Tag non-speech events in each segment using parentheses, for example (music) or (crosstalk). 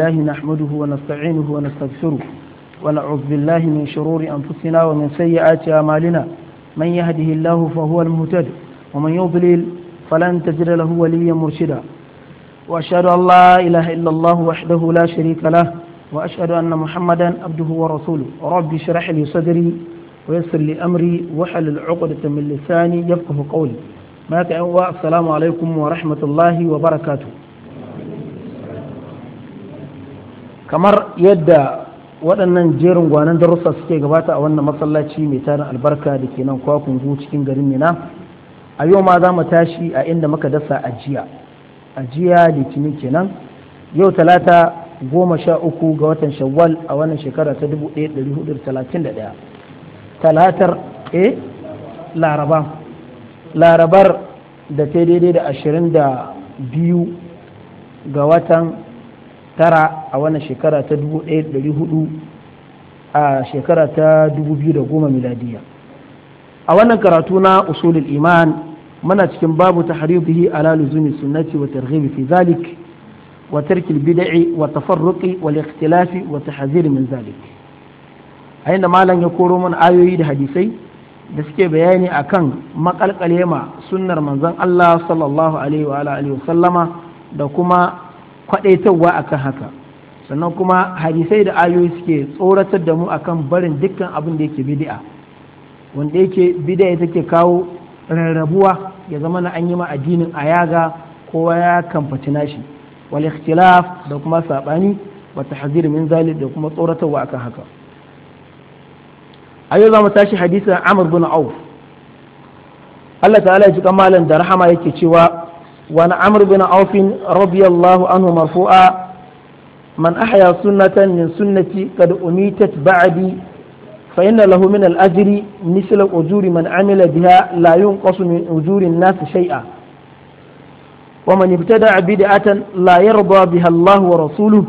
الله نحمده ونستعينه ونستغفره ونعوذ بالله من شرور أنفسنا ومن سيئات أعمالنا من يهده الله فهو المهتد ومن يضلل فلن تجد له وليا مرشدا وأشهد أن لا إله إلا الله وحده لا شريك له وأشهد أن محمدا عبده ورسوله رب اشرح لي صدري ويسر لي أمري وحلل عقدة من لساني يفقه قولي ما السلام عليكم ورحمة الله وبركاته kamar yadda waɗannan jerin gwanan darussa suke gabata a wannan masallaci mai tarin albarka da ke nan kwakungu cikin garin mina a yau ma za mu tashi a inda muka dasa ajiya ajiya litinin kenan yau talata goma sha uku ga watan shawwal a wannan shekara ta dubu ɗaya talatar e laraba larabar da ta daidai da ashirin da biyu ga watan tara a wannan shekara ta 1400 a shekara ta goma miladiya a wannan karatu na usulul iman muna cikin babu tahribihi ala luzumi sunnati wa targhibi fi zalik wa tarkil bid'i wa tafarruqi wal ikhtilafi wa tahzir min zalik a inda malam ya koro mana ayoyi da hadisai da suke bayani akan makalkalema sunnar manzon Allah sallallahu alaihi wa alihi wa sallama da kuma a akan haka sannan kuma hadisai da ayoyi suke tsoratar da mu akan barin dukkan abin da yake bid'a wanda yake bid'a take kawo rarrabuwa ya zama na an yi ma addinin ayaga kowa ya kamfaci nashi wal ikhtilaf da kuma sabani wa tahzir min zalik da kuma tsoratarwa akan haka a za mu tashi hadisin Amr bin Auf Allah ta'ala ya ji kamalan da rahama yake cewa وعن عمرو بن عوف رضي الله عنه مرفوعا من أحيا سنة من سنتي قد أميتت بعدي فإن له من الأجر مثل أجور من عمل بها لا ينقص من أجور الناس شيئا ومن ابتدع بدعة لا يرضى بها الله ورسوله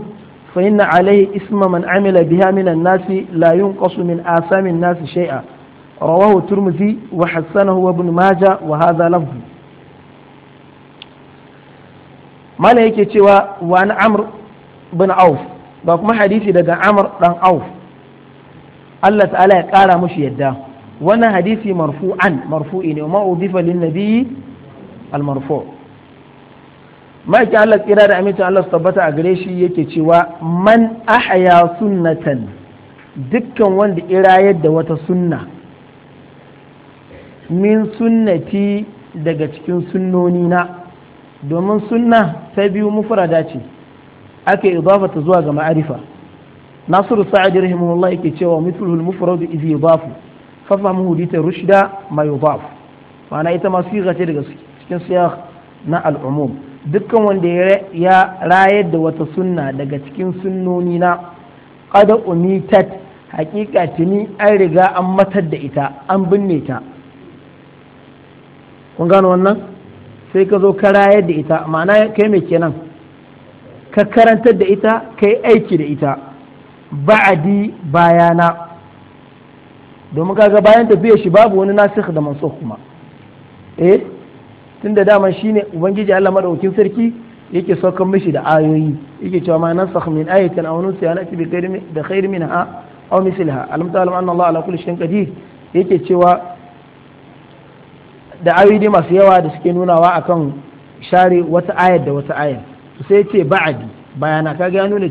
فإن عليه اسم من عمل بها من الناس لا ينقص من آثام الناس شيئا رواه الترمذي وحسنه وابن ماجه وهذا لفظ malam yake cewa wa na amr bin auf ba kuma hadisi daga amr dan auf Allah ta'ala ya kara mushi yadda wannan hadisi marfu'an marfu'i ne ma udifa lin nabiyyi al marfu' Allah tsira da amincin Allah su tabbata a gare shi yake cewa man ahya sunnatan dukkan wanda irayar da wata sunna min sunnati daga cikin sunnoni na domin sunna ta biyu mufrada ce ake idafa ta zuwa ga ma'arifa nasiru sa'ad rahimahullah yake cewa mithluhu al-mufrad idh yudafu fa fahmuhu li rushda ma yudaf ma'ana ita ma siga ce daga cikin siyar na al dukkan wanda ya rayar da wata sunna daga cikin sunnoni na qad umitat haƙiƙa tuni an riga an matar da ita an binne ta kun gano wannan sai ka zo ka rayar da ita ma'ana kai mai kenan ka karantar da ita kai aiki da ita ba'adi bayana domin ka ga bayan tafiya shi babu wani nasikh da mansukh kuma eh tunda shi shine ubangiji Allah maɗaukin sarki yake saukan mishi da ayoyi yake cewa ma nasakh min ayatin aw wani na'ti bi khairin bi khairin minha aw mislaha alam ta'lam anna Allah ala kulli shay'in yake cewa da ayoyi masu yawa da suke nunawa akan share wata ayar da wata ayar sai ce ba'adi bayana kaga ya nuna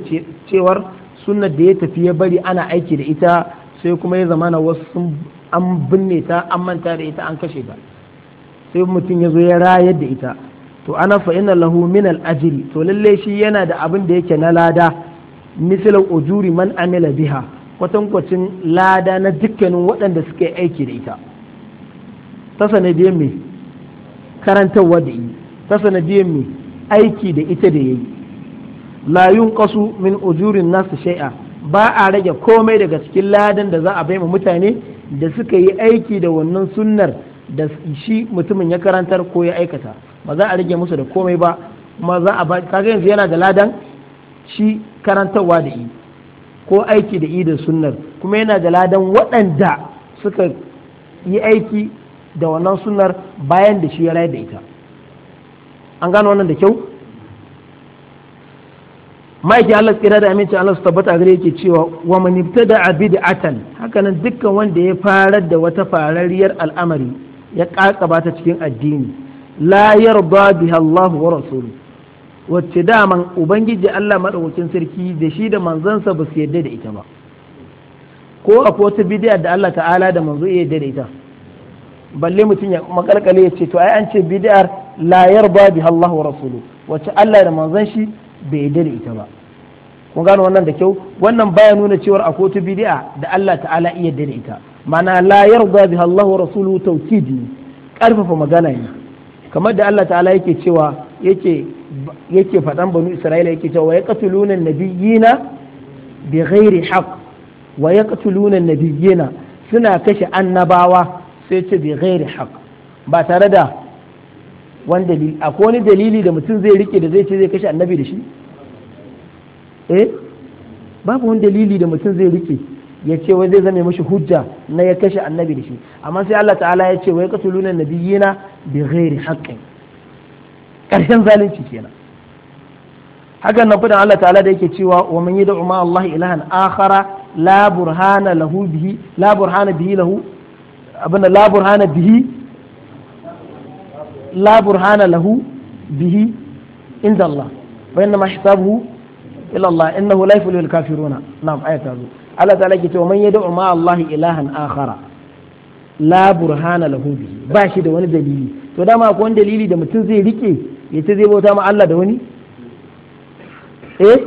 cewar sunnar da ya tafi ya bari ana aiki da ita sai kuma ya zamana wasu an binne ta an manta da ita an kashe ta sai mutum ya zo ya rayar da ita to ana fa inna lahu min al to lalle shi yana da abin da yake na lada misalan ujuri man amila biha kwatankwacin lada na dukkanin waɗanda suke aiki da ita ta sanadiyar mai karantarwa da yi ta sanadiyar mai aiki da ita da yayi layun kasu min ujurin nasu shai'a ba a rage komai daga cikin ladan da za a bai mutane da suka yi aiki da wannan sunnar da shi mutumin ya karantar ko ya aikata ba za a rage musu da komai ba kuma za a ba kaga yanzu yana da ladan shi karantarwa da yi ko aiki da yi da sunnar kuma yana da ladan waɗanda suka yi aiki da wannan sunnar bayan da shi ya rayar da ita an gano wannan da kyau maiki Allah kira da amincin Allah su tabbata gare yake cewa wa man ibtada bid'atan hakanan dukkan wanda ya fara da wata farariyar al'amari ya kakaba ta cikin addini la yarda biha Allah wa rasulu wacce daman ubangiji Allah madaukakin sarki da shi da manzansa ba su yarda da ita ba ko akwai wata bid'a da Allah ta'ala da manzo ya yarda da ita balle mutum ya makalkale ya ce to ai an ce bid'ar la yarda bi Allah wa rasulu wace Allah da manzon shi bai yarda da ita ba kun gano wannan da kyau wannan baya nuna cewa a kotu bid'a da Allah ta'ala iya yarda da ita mana la yarda bi Allah wa rasulu tawkidi karfafa magana ne kamar da Allah ta'ala yake cewa yake yake faɗan banu Isra'ila yake cewa ya qatuluna nabiyina nabiyyina bi ghairi haqq wa yaqtuluna nabiyina suna kashe annabawa sai ce bi ghairi haq ba tare da wani dalili wani dalili da mutum zai rike da zai ce zai kashe annabi da shi eh babu wani dalili da mutum zai rike ya ce wai zai zame mashi hujja na ya kashe annabi da shi amma sai Allah ta'ala ya ce wai lunan nabiyina bi ghairi haqqin karshen zalunci kenan hakan nan fadin Allah ta'ala da yake cewa wa man yad'u ma Allah ilahan akhara la burhana lahu bihi la burhana bihi lahu abin da labur hana bihi labur hana lahu bihi inda Allah bayan na mashi sabu ilallah Allah hu la lil al-kafiruna na'am ta zo Allah ta'ala ke cewa man yad'u ma Allah ilahan akhara la burhana lahu bihi ba shi da wani dalili to dama akwai wani dalili da mutum zai rike ya ce zai bauta ma Allah da wani eh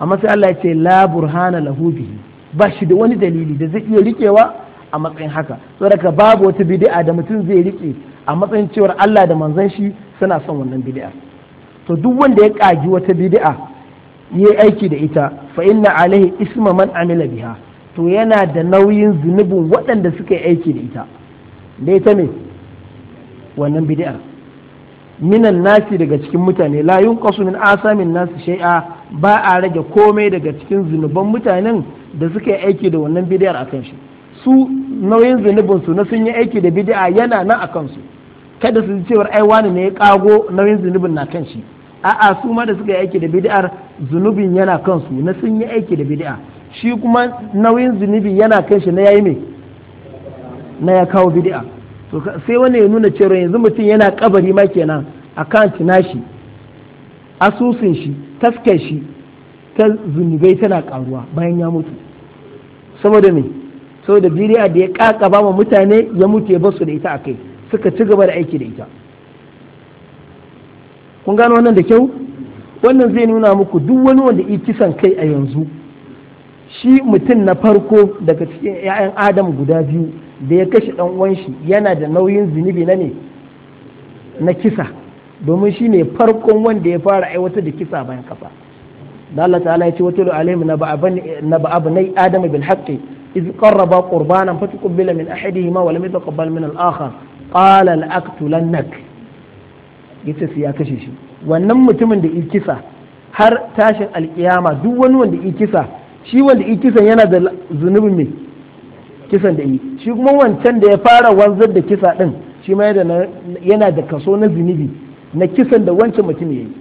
amma sai Allah ya ce la burhana lahu bihi ba shi da wani dalili da zai iya rikewa a matsayin haka so daga babu wata bidi'a da mutum zai riƙe a matsayin cewar Allah da manzon shi suna son wannan bid'a to duk wanda ya kagi wata bid'a yi aiki da ita fa inna alaihi isma man amila biha to yana da nauyin zunubin waɗanda suka yi aiki da ita dai ta ne wannan bid'ar minan nasi daga cikin mutane la yunqasu min asamin nasi shay'a ba a rage komai daga cikin zunuban mutanen da suka yi aiki da wannan bid'ar akan shi su nauyin zunubin su na sun yi aiki da bid'a yana nan a kansu kada su ji cewar ai wani ne ya kago nauyin zunubin na kan shi a'a su ma da suka yi aiki da bid'ar zunubin yana kansu na sun yi aiki da bid'a shi kuma nauyin zunubi yana kan shi na yayi me na ya kawo bid'a to sai wani ya nuna cewa yanzu mutum yana kabari ma kenan account nashi asusun shi taskar shi ta zunubai tana karuwa bayan ya mutu saboda me saboda bid'a da ya kakaba ma mutane ya mutu ya basu da ita a kai suka ci gaba da aiki da ita kun gano wannan da kyau wannan zai nuna muku duk wani wanda yi kisan kai a yanzu shi mutum na farko daga cikin 'ya'yan adam guda biyu da ya kashe ɗan uwan shi yana da nauyin zunubi na ne na kisa domin shi ne farkon wanda ya fara aiwatar da kisa bayan kafa da Allah ta'ala ya ce wato alaihim na ba'abnai adama bil haqqi إذ قربا قربانا فتقبل من أحدهما ولم يتقبل من الآخر قال لأقتلنك yace sai kashe shi wannan mutumin da ikisa har tashin alkiyama duk wani wanda ikisa shi wanda ikisan yana da zunubin mai kisan da yi shi wancan da ya fara wanzar da kisa ɗin shi yana da kaso na zunubi na kisan da wancan mutum ya yi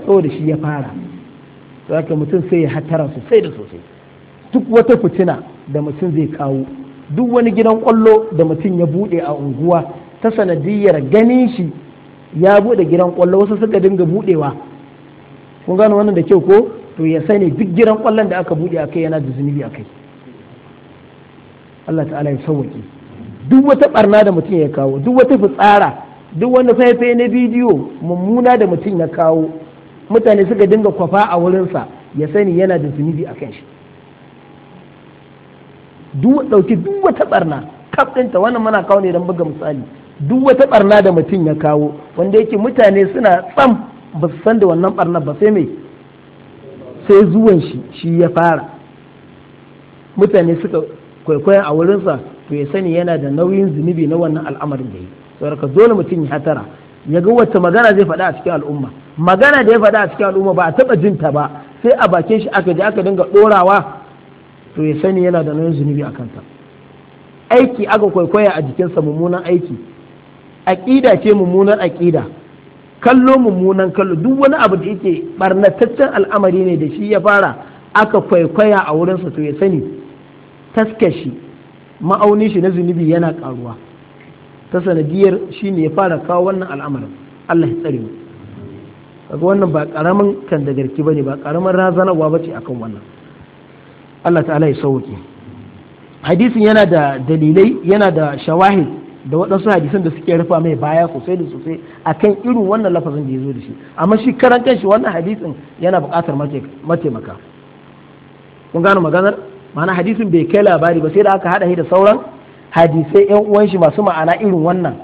saboda shi ya fara zaka mutum sai ya hatara sosai da sosai duk wata fitina da mutum zai kawo duk wani gidan kwallo da mutum ya bude a unguwa ta sanadiyar ganin shi ya bude gidan kwallo wasu suka dinga budewa kun gano wannan da kyau ko to ya sani duk gidan kwallon da aka bude akai yana da zunubi akai Allah ta'ala ya sauwaki duk wata barna da mutum ya kawo duk wata fitsara duk wani faifai na bidiyo mummuna da mutum ya kawo mutane suka dinga kwafa a wurinsa ya sani yana da zunubi a kan shi ɗauki duk wata barna kaf ɗinta wannan muna kawo ne don buga misali duk wata barna da mutum ya kawo wanda yake mutane suna tsam ba su san da wannan barna ba sai mai sai zuwan shi shi ya fara mutane suka kwaikwayon a wurinsa to ya sani yana da nauyin zunubi na wannan al'amarin da yi saboda dole mutum ya hatara ya ga wacce magana zai faɗa a cikin al'umma magana da ya faɗa a cikin al'umma ba a taɓa jin ta ba sai a bakin shi aka je aka dinga ɗorawa to ya sani yana da nauyin zunubi a kanta aiki aka kwaikwaya a jikinsa mummunan aiki aƙida ce mummunan aƙida kallo mummunan kallo duk wani abu da yake ɓarnataccen al'amari ne da shi ya fara aka kwaikwaya a wurinsa to ya sani taskashi ma'aunin shi na zunubi yana ƙaruwa ta sanadiyar shi ne ya fara kawo wannan al'amarin Allah ya tsare mu kaga wannan ba karamin kan da garki bane ba karamin razanarwa bace akan wannan Allah ta'ala ya sauke hadisin yana da dalilai yana da shawahid da waɗansu hadisan da suke rufa mai baya sosai da sosai akan irin wannan lafazin da ya zo da shi amma shi karan kanshi wannan hadisin yana buƙatar mataimaka kun gano maganar ma'ana hadisin bai kai labari ba sai da aka haɗa shi da sauran hadisai yan uwan shi masu ma'ana irin wannan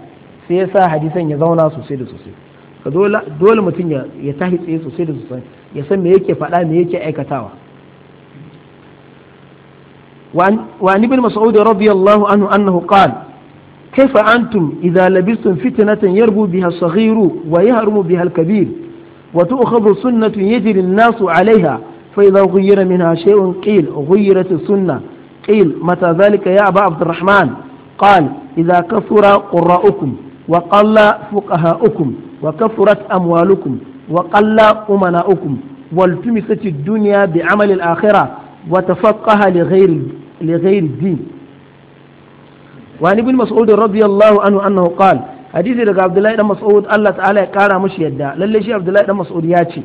sai ya sa hadisan ya zauna sosai da sosai dole mutum ya tahi tsaye sosai da sosai ya me yake faɗa me yake aikatawa wa an ibn mas'ud radiyallahu anhu annahu qal kaifa antum idza labistum fitnatan yarbu biha as-saghir wa yahrumu biha al-kabir wa tu'khadhu sunnatun yajri an-nasu 'alayha fa idza ghayyara minha shay'un qil ghayyarat as قيل متى ذلك يا أبا عبد الرحمن قال إذا كثر قراؤكم وقل فقهاؤكم وكثرت أموالكم وقل أمناؤكم والتمست الدنيا بعمل الآخرة وتفقه لغير لغير الدين وعن ابن مسعود رضي الله عنه أنه قال hadisi daga abdullahi dan mas'ud Allah ta'ala ya kara mashi yadda lalle shi abdullahi dan mas'ud ya ce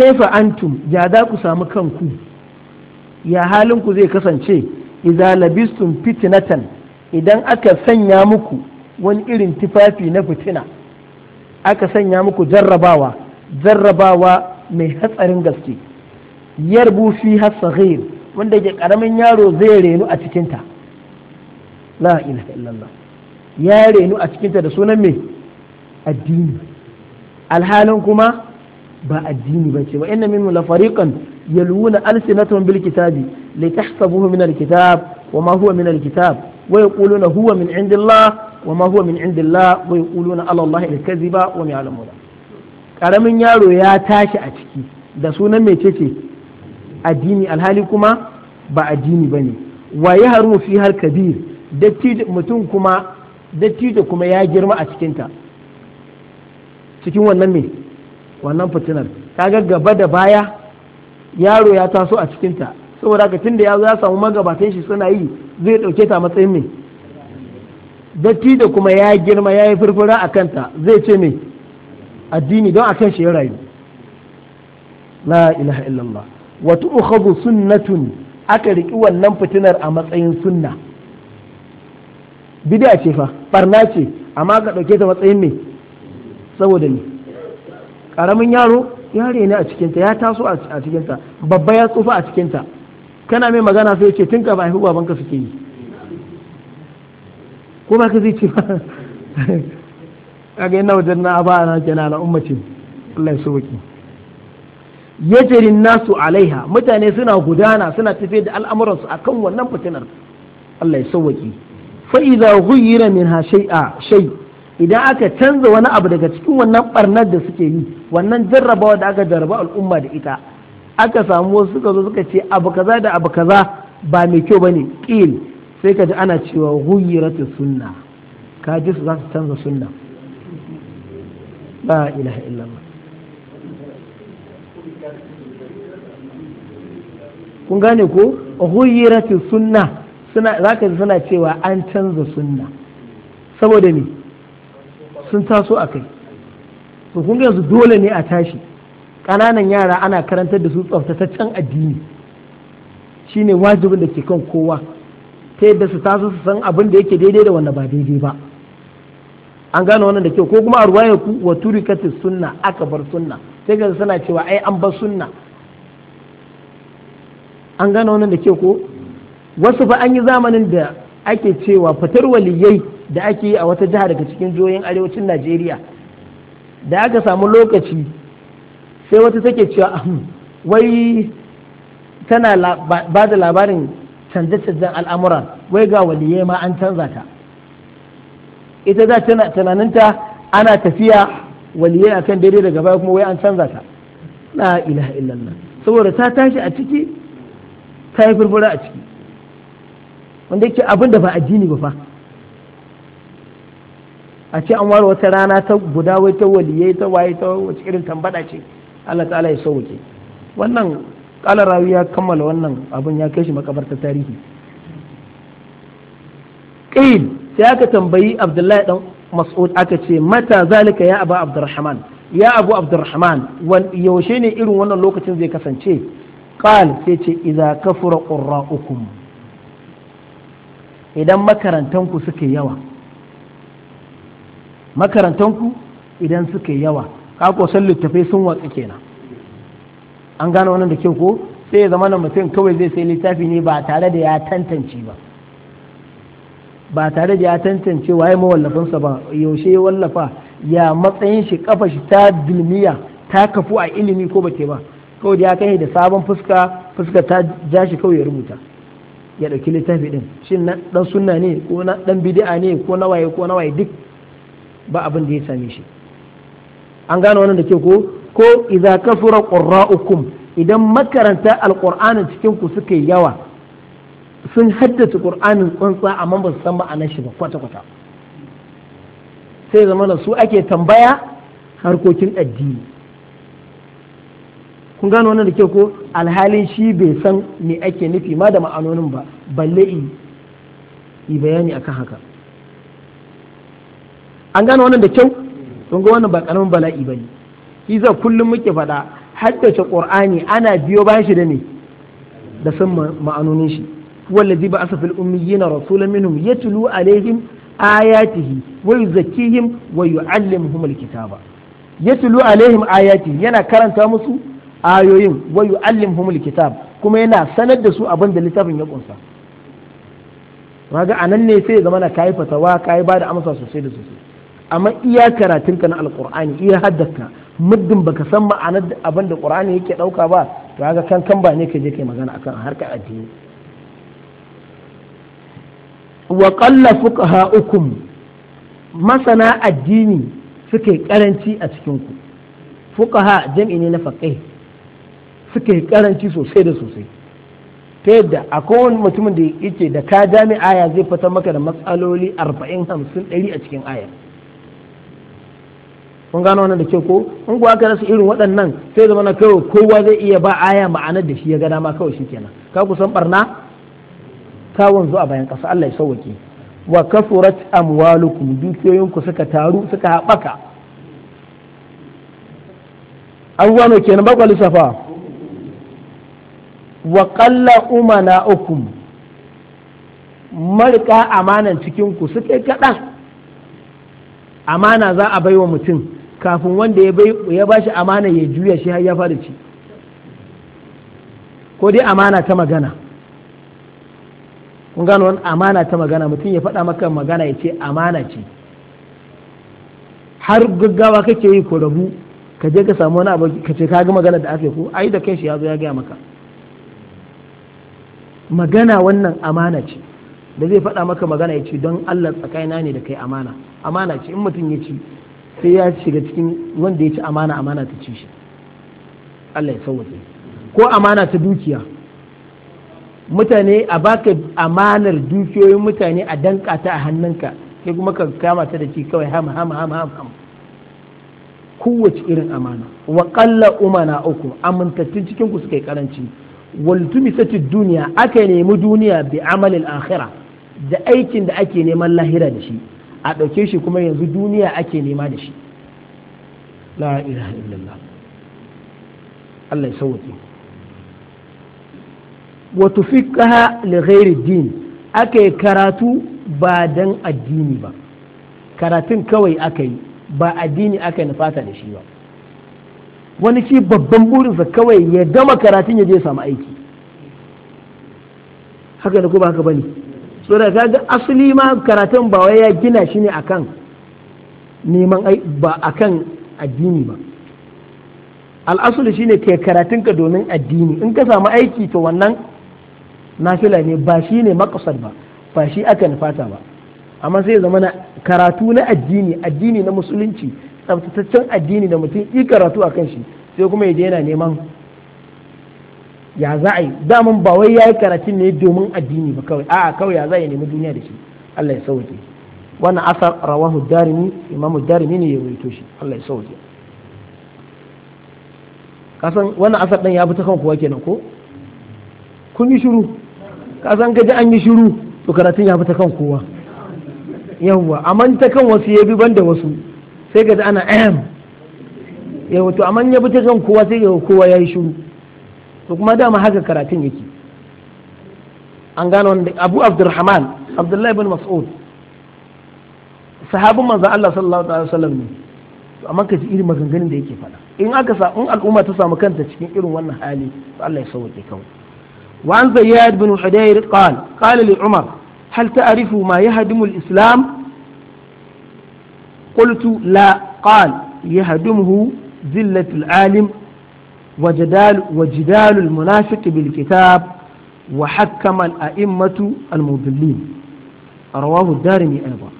kaifa antum ya da ku samu kanku ya halinku zai kasance idza labistum fitnatan idan aka sanya muku wani irin tufafi na fitina aka sanya muku jarrabawa jarrabawa mai hatsarin gaske yarbu fi hasaghir wanda ke karamin yaro zai renu a cikinta la ilaha illallah ya renu a cikinta da sunan mai addini alhalin kuma ba addini bace wa inna minhum la fariqan yalwuna alsinatahum bil kitabi litahsabuhu min al kitab wa ma huwa min al kitab wa yaquluna huwa min indillah wa ma huwa min indillah wa yaquluna ala allahi al kadhiba wa ma ya'lamuna karamin yaro ya tashi a ciki da sunan mecece addini alhali kuma ba addini bane wa yahru fi har kabir dattijo mutum kuma dattijo kuma ya girma a cikinta cikin wannan mai. wannan fitinar ta gaba da baya yaro ya taso a cikinta saboda haka da ya zo ya samu magabatan shi suna yi zai ɗauke ta matsayin mai datti da kuma ya girma ya yi furfura a kanta zai ce mai addini don a kan shi ya rayu la ilaha illallah wa tu'khadhu sunnatun aka riki wannan fitinar a matsayin sunna bid'a ce fa barna ce amma ka dauke ta matsayin mai saboda ni. karamin yaro yare ne a cikinta ya taso a cikinta babba ya tsufa a cikinta kana mai magana sai ce tun ka ba haifi babanka suke yi ko ba ka zai ce ba ga yana wajen na ba na kenan na ummaci Allah ya sauki yajirin nasu alaiha mutane suna gudana suna tafi da al'amuransu akan wannan fitinar Allah ya sauki fa idza ghayyira minha shay'a shay idan aka canza wani abu daga cikin wannan barnar da suke yi wannan jarrabawa da aka jarraba al'umma da ita aka samu wasu suka zo suka ce abu kaza da abu kaza ba mai kyau bane qil sai ka ji ana cewa ghayyiratu sunna ka ji su za su canza sunna la ilaha illallah kun gane ko ghayyiratu sunna suna zaka ji suna cewa an canza sunna saboda me sun taso akai to kun yanzu dole ne a tashi ƙananan yara ana karantar da su tsaftataccen addini shine wajibin da ke kan kowa ta yadda su taso su san abin da yake daidai da wanda ba daidai ba an gane wannan da kyau ko kuma a ruwaya ku wa turikati sunna aka bar sunna sai ga suna cewa ai an bar sunna an gane wannan da kyau ko wasu ba an yi zamanin da ake cewa fitar waliyai da ake yi a wata jiha daga cikin jihohin arewacin Najeriya da aka samu lokaci sai wata take cewa wai tana ba da labarin canje-canjen al'amura wai ga waliye ma an canza ta ita za tunaninta ana tafiya waliye akan daidai daga baya kuma wai an canza ta na ilaha illallah saboda ta tashi a ciki ta yi furfura a ciki wanda yake abin da ba addini ba fa a ce an ware wata rana ta guda wai ta waliye ta waye ta wace irin tambada ce Allah ta'ala ya so sauke wannan kala rawi ya kammala wannan abin ya kai shi makabarta tarihi qil sai aka tambayi Abdullahi dan Mas'ud aka ce mata zalika ya Abu Abdurrahman ya Abu Abdurrahman yaushe ne irin wannan lokacin zai kasance qal sai ce idza kafura qurra'ukum idan makarantanku suke yawa makarantanku idan suka yi yawa kakosan san littafai sun watsa kenan an gano wannan da kyau ko sai ya zama na mutum kawai zai sai littafi ne ba tare da ya tantance ba ba tare da ya tantance waye mawallafinsa ba yaushe ya wallafa ya matsayin shi kafa shi ta dilmiya ta kafu a ilimi ko ba ke ba kawai da ya kai da sabon fuska fuska ta ja shi kawai ya rubuta ya ɗauki littafi din shin na ɗan sunna ne ko na ɗan bidi'a ne ko na ko na waye duk ba abin da ya same shi an gano wannan da ke ko ko idza kasura qurra'ukum idan makaranta alqur'ani cikin ku suka yi yawa sun haddace qur'anin tsantsa amma ba su san ma'anar shi ba kwata kwata sai zama da su ake tambaya harkokin addini kun gano wannan da ke ko alhalin shi bai san me ake nufi ma da ma'anonin ba balle yi bayani akan haka an gane wannan da kyau sun ga wannan ba karamin bala'i bane shi za kullum muke faɗa haddace qur'ani ana biyo bayan shi da ne da san ma'anonin shi wallazi ba asa fil ummiyina rasulan minhum yatlu alaihim ayatihi wa yuzakkihim wa yuallimuhum alkitaba yatlu alaihim ayatihi yana karanta musu ayoyin wa yuallimuhum alkitab kuma yana sanar da su abin da littafin ya kunsa kaga anan ne sai ya zama na kai fatawa kai ba da amsa sosai da sosai amma iya karatunka na alkur'ani iya haddaka muddin baka san ma'anar abin da qur'ani yake ɗauka ba to kaga kan kan ba ne ka je kai magana akan harkar addini wa qalla fuqaha'ukum masana addini suke karanci a cikin ku fuqaha jam'i ne na faqih suke karanci sosai da sosai ta yadda a wani mutumin da yake da ka jami'a ya zai fitar maka da matsaloli 40 50 100 a cikin ayar. kun gano wannan da ke ko in kuwa aka rasa irin waɗannan sai zama na kawai kowa zai iya ba aya ma'anar da shi ya gada ma kawai shi kenan ka kusan barna ta wanzu a bayan ƙasa Allah ya sauwake wa kafurat amwalukum dukiyoyinku suka taru suka haɓaka abubuwa ne kenan ba lissafa wa qalla umana'ukum marika amanan cikinku suke kaɗan amana za a baiwa mutum kafin wanda ya ya bashi amana ya juya shi har ya fara ci ko dai amana ta magana kun gano wani amana ta magana mutum ya faɗa maka magana ya ce amana ce har gaggawa kake yi ko rabu ka je ka samu wani abu ka ce ga magana da ake ko ai da kai shi ya zo ya gaya maka magana wannan amana ce da zai faɗa maka magana ya ce don Allah tsakanina ne da kai amana amana ce in mutum ya ci sai ya shiga cikin wanda ya ci amana amana ta ci shi Allah ya sauwace ko amana ta dukiya mutane a baka amanar dukiyoyin mutane a danka ta a hannunka sai kuma ka kama ta da ci kawai ham ham ham ham kowace irin amana wa qalla umana uku amintattun cikin ku suka yi karanci wal tumisati duniya aka nemi duniya bi amalil akhirah da aikin da ake neman lahira da shi a ɗauke shi kuma yanzu duniya ake nema da shi la ilaha illallah Allah ya sauke wa tufiqaha li ghairi din aka karatu ba dan addini ba karatun kawai aka yi ba addini aka nufata da shi ba wani shi babban burinsa kawai ya gama karatun ya je samu aiki haka ne ko ba haka bane so ka ga asali ma karatun ba wai ya gina shi ne akan neman ba akan addini ba shi shine ke karatun ka domin addini in ka samu aiki to wannan nafila ne ba shi ne makasar ba ba shi aka nufata ba amma sai zama na karatu na addini addini na musulunci tsabtataccen addini da mutum yi karatu akan shi sai kuma ya je yana neman ya za a yi daman ba wai ya yi karatun ne domin addini ba kawai a'a kawai ya za a yi nemi duniya da shi Allah ya sauke wannan asar rawahu darimi imamu darimi ne ya rubuto shi Allah ya sauke kasan wannan asar ɗan ya fi ta kan kuwa kenan ko kun yi shiru kasan gaji an yi shiru to karatun ya fi ta kan kowa yawwa man ta kan wasu ya bi banda wasu sai gaji ana Ya wato to man ya fi ta kan kowa sai ga kowa ya yi shiru to kuma dama haka karatun yake an gano wanda abu abdurrahman abdullahi bin mas'ud sahabin manzo Allah sallallahu alaihi wasallam ne to amma kaji irin maganganun da yake faɗa in aka sa in al'umma ta samu kanta cikin irin wannan hali to Allah ya sauke kawai wa an zayyad bin hudayr qal qala li umar hal ta'rifu ma yahdimu al-islam قلت لا قال يهدمه ذلة العالم وجدال وجدال المنافق بالكتاب وحكم الأئمة المضلين رواه الدارمي أيضا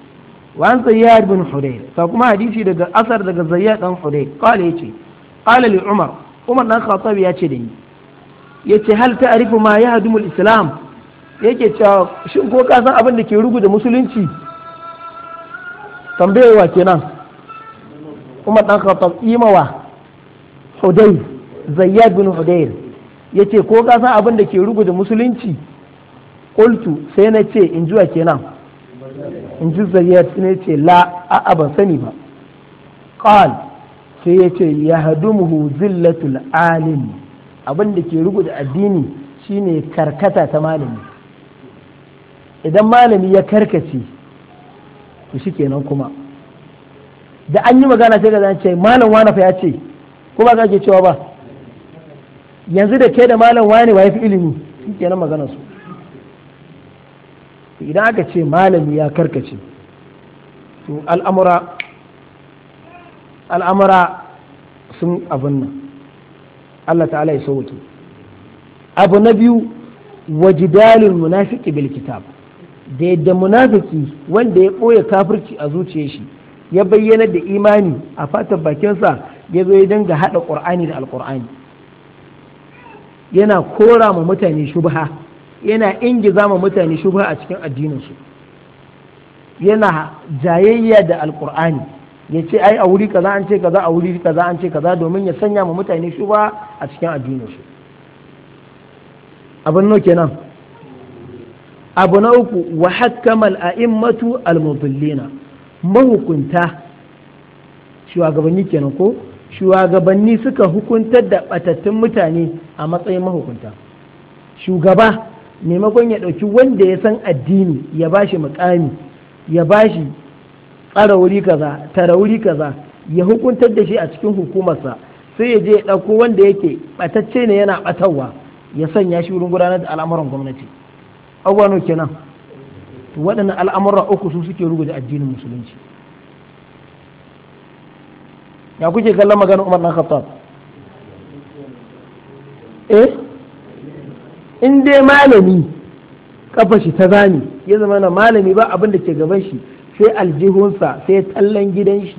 وعن زياد بن حديد فكما حديثي دقى أثر دقى زياد بن حديد قال يتي قال لعمر عمر بن الخطاب يتي yace hal ta'rifu ma yahdumul islam yake cewa shin ko ka san abin da ke rugu da musulunci tambayewa kenan kuma dan khattab imawa hudayb zayyad bin hudayr yace ko ka san abin da ke ruguje musulunci qultu sai na ce in jiwa kenan in ji zayyad ne ce la a'a ban sani ba qal sai yace yahdumuhu zillatul alim abin da ke da addini shine karkata ta malami idan malami ya karkace to shikenan kuma da an yi magana sai ga zan ce malam wani fa ya ce ko ba ka ke cewa ba yanzu da ke da malam wani wa ya fi ilimi shi nan magana su idan aka ce malami ya karkace to al'amura al'amura sun abin nan Allah ta'ala ya sauke abu na biyu wajidalin munafiki bil kitab da yadda munafiki wanda ya ɓoye kafirci a zuciyar shi ya bayyana da imani a fatan bakinsa ya zo ya dinga haɗa ƙur'ani da alƙur'ani yana kora ma mutane shubha yana ingiza ma mutane shubha a cikin addininsu yana jayayya da alkur'ani ya ce ai a wuri kaza an ce kaza a wuri kaza an ce kaza domin ya sanya ma mutane shubha a cikin addininsu abin no kenan abu na uku wa hakkamal a'immatu al-mudillina mahukunta shugabanni kenan ko shugabanni suka hukuntar da batattun mutane a matsayin mahukunta shugaba maimakon ya ɗauki wanda ya san addini ya ba shi mukami ya bashi tsara wuri kaza tara wuri kaza ya hukuntar da shi a cikin hukumarsa sai ya je ya ɗauko wanda yake ɓatacce ne yana ɓatarwa ya sanya shi wurin gudanar da al'amuran gwamnati abubuwa kenan waɗannan al'amuran uku su suke rubuta addinin musulunci ya kuke kallon maganar umar nan khattab eh in dai malami kafa shi ta zani ya zama na malami ba abin da ke gaban shi sai aljihunsa sai tallan gidan shi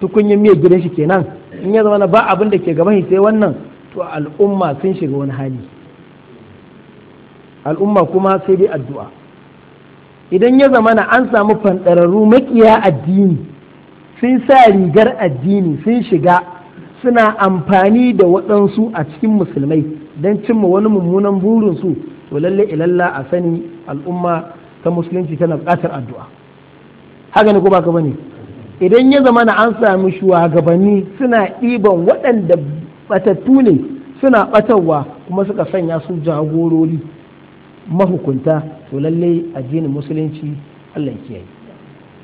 tukunyin miyar gidan shi kenan in ya zama ba abin da ke gaban shi sai wannan to al'umma sun shiga wani hali al'umma kuma sai dai addu'a idan ya zama na an samu fanɗararru makiya addini sun sa rigar addini sun shiga suna amfani da waɗansu a cikin musulmai don cimma wani mummunan burinsu to lalle ilalla a sani al'umma ta musulunci tana buƙatar addu'a haka ne ko ba bane idan ya zama na an sami shugabanni suna ɗiban waɗanda batattu ne suna ɓatarwa kuma suka sanya su jagorori mahukunta to lalle addinin musulunci Allah ya kiyaye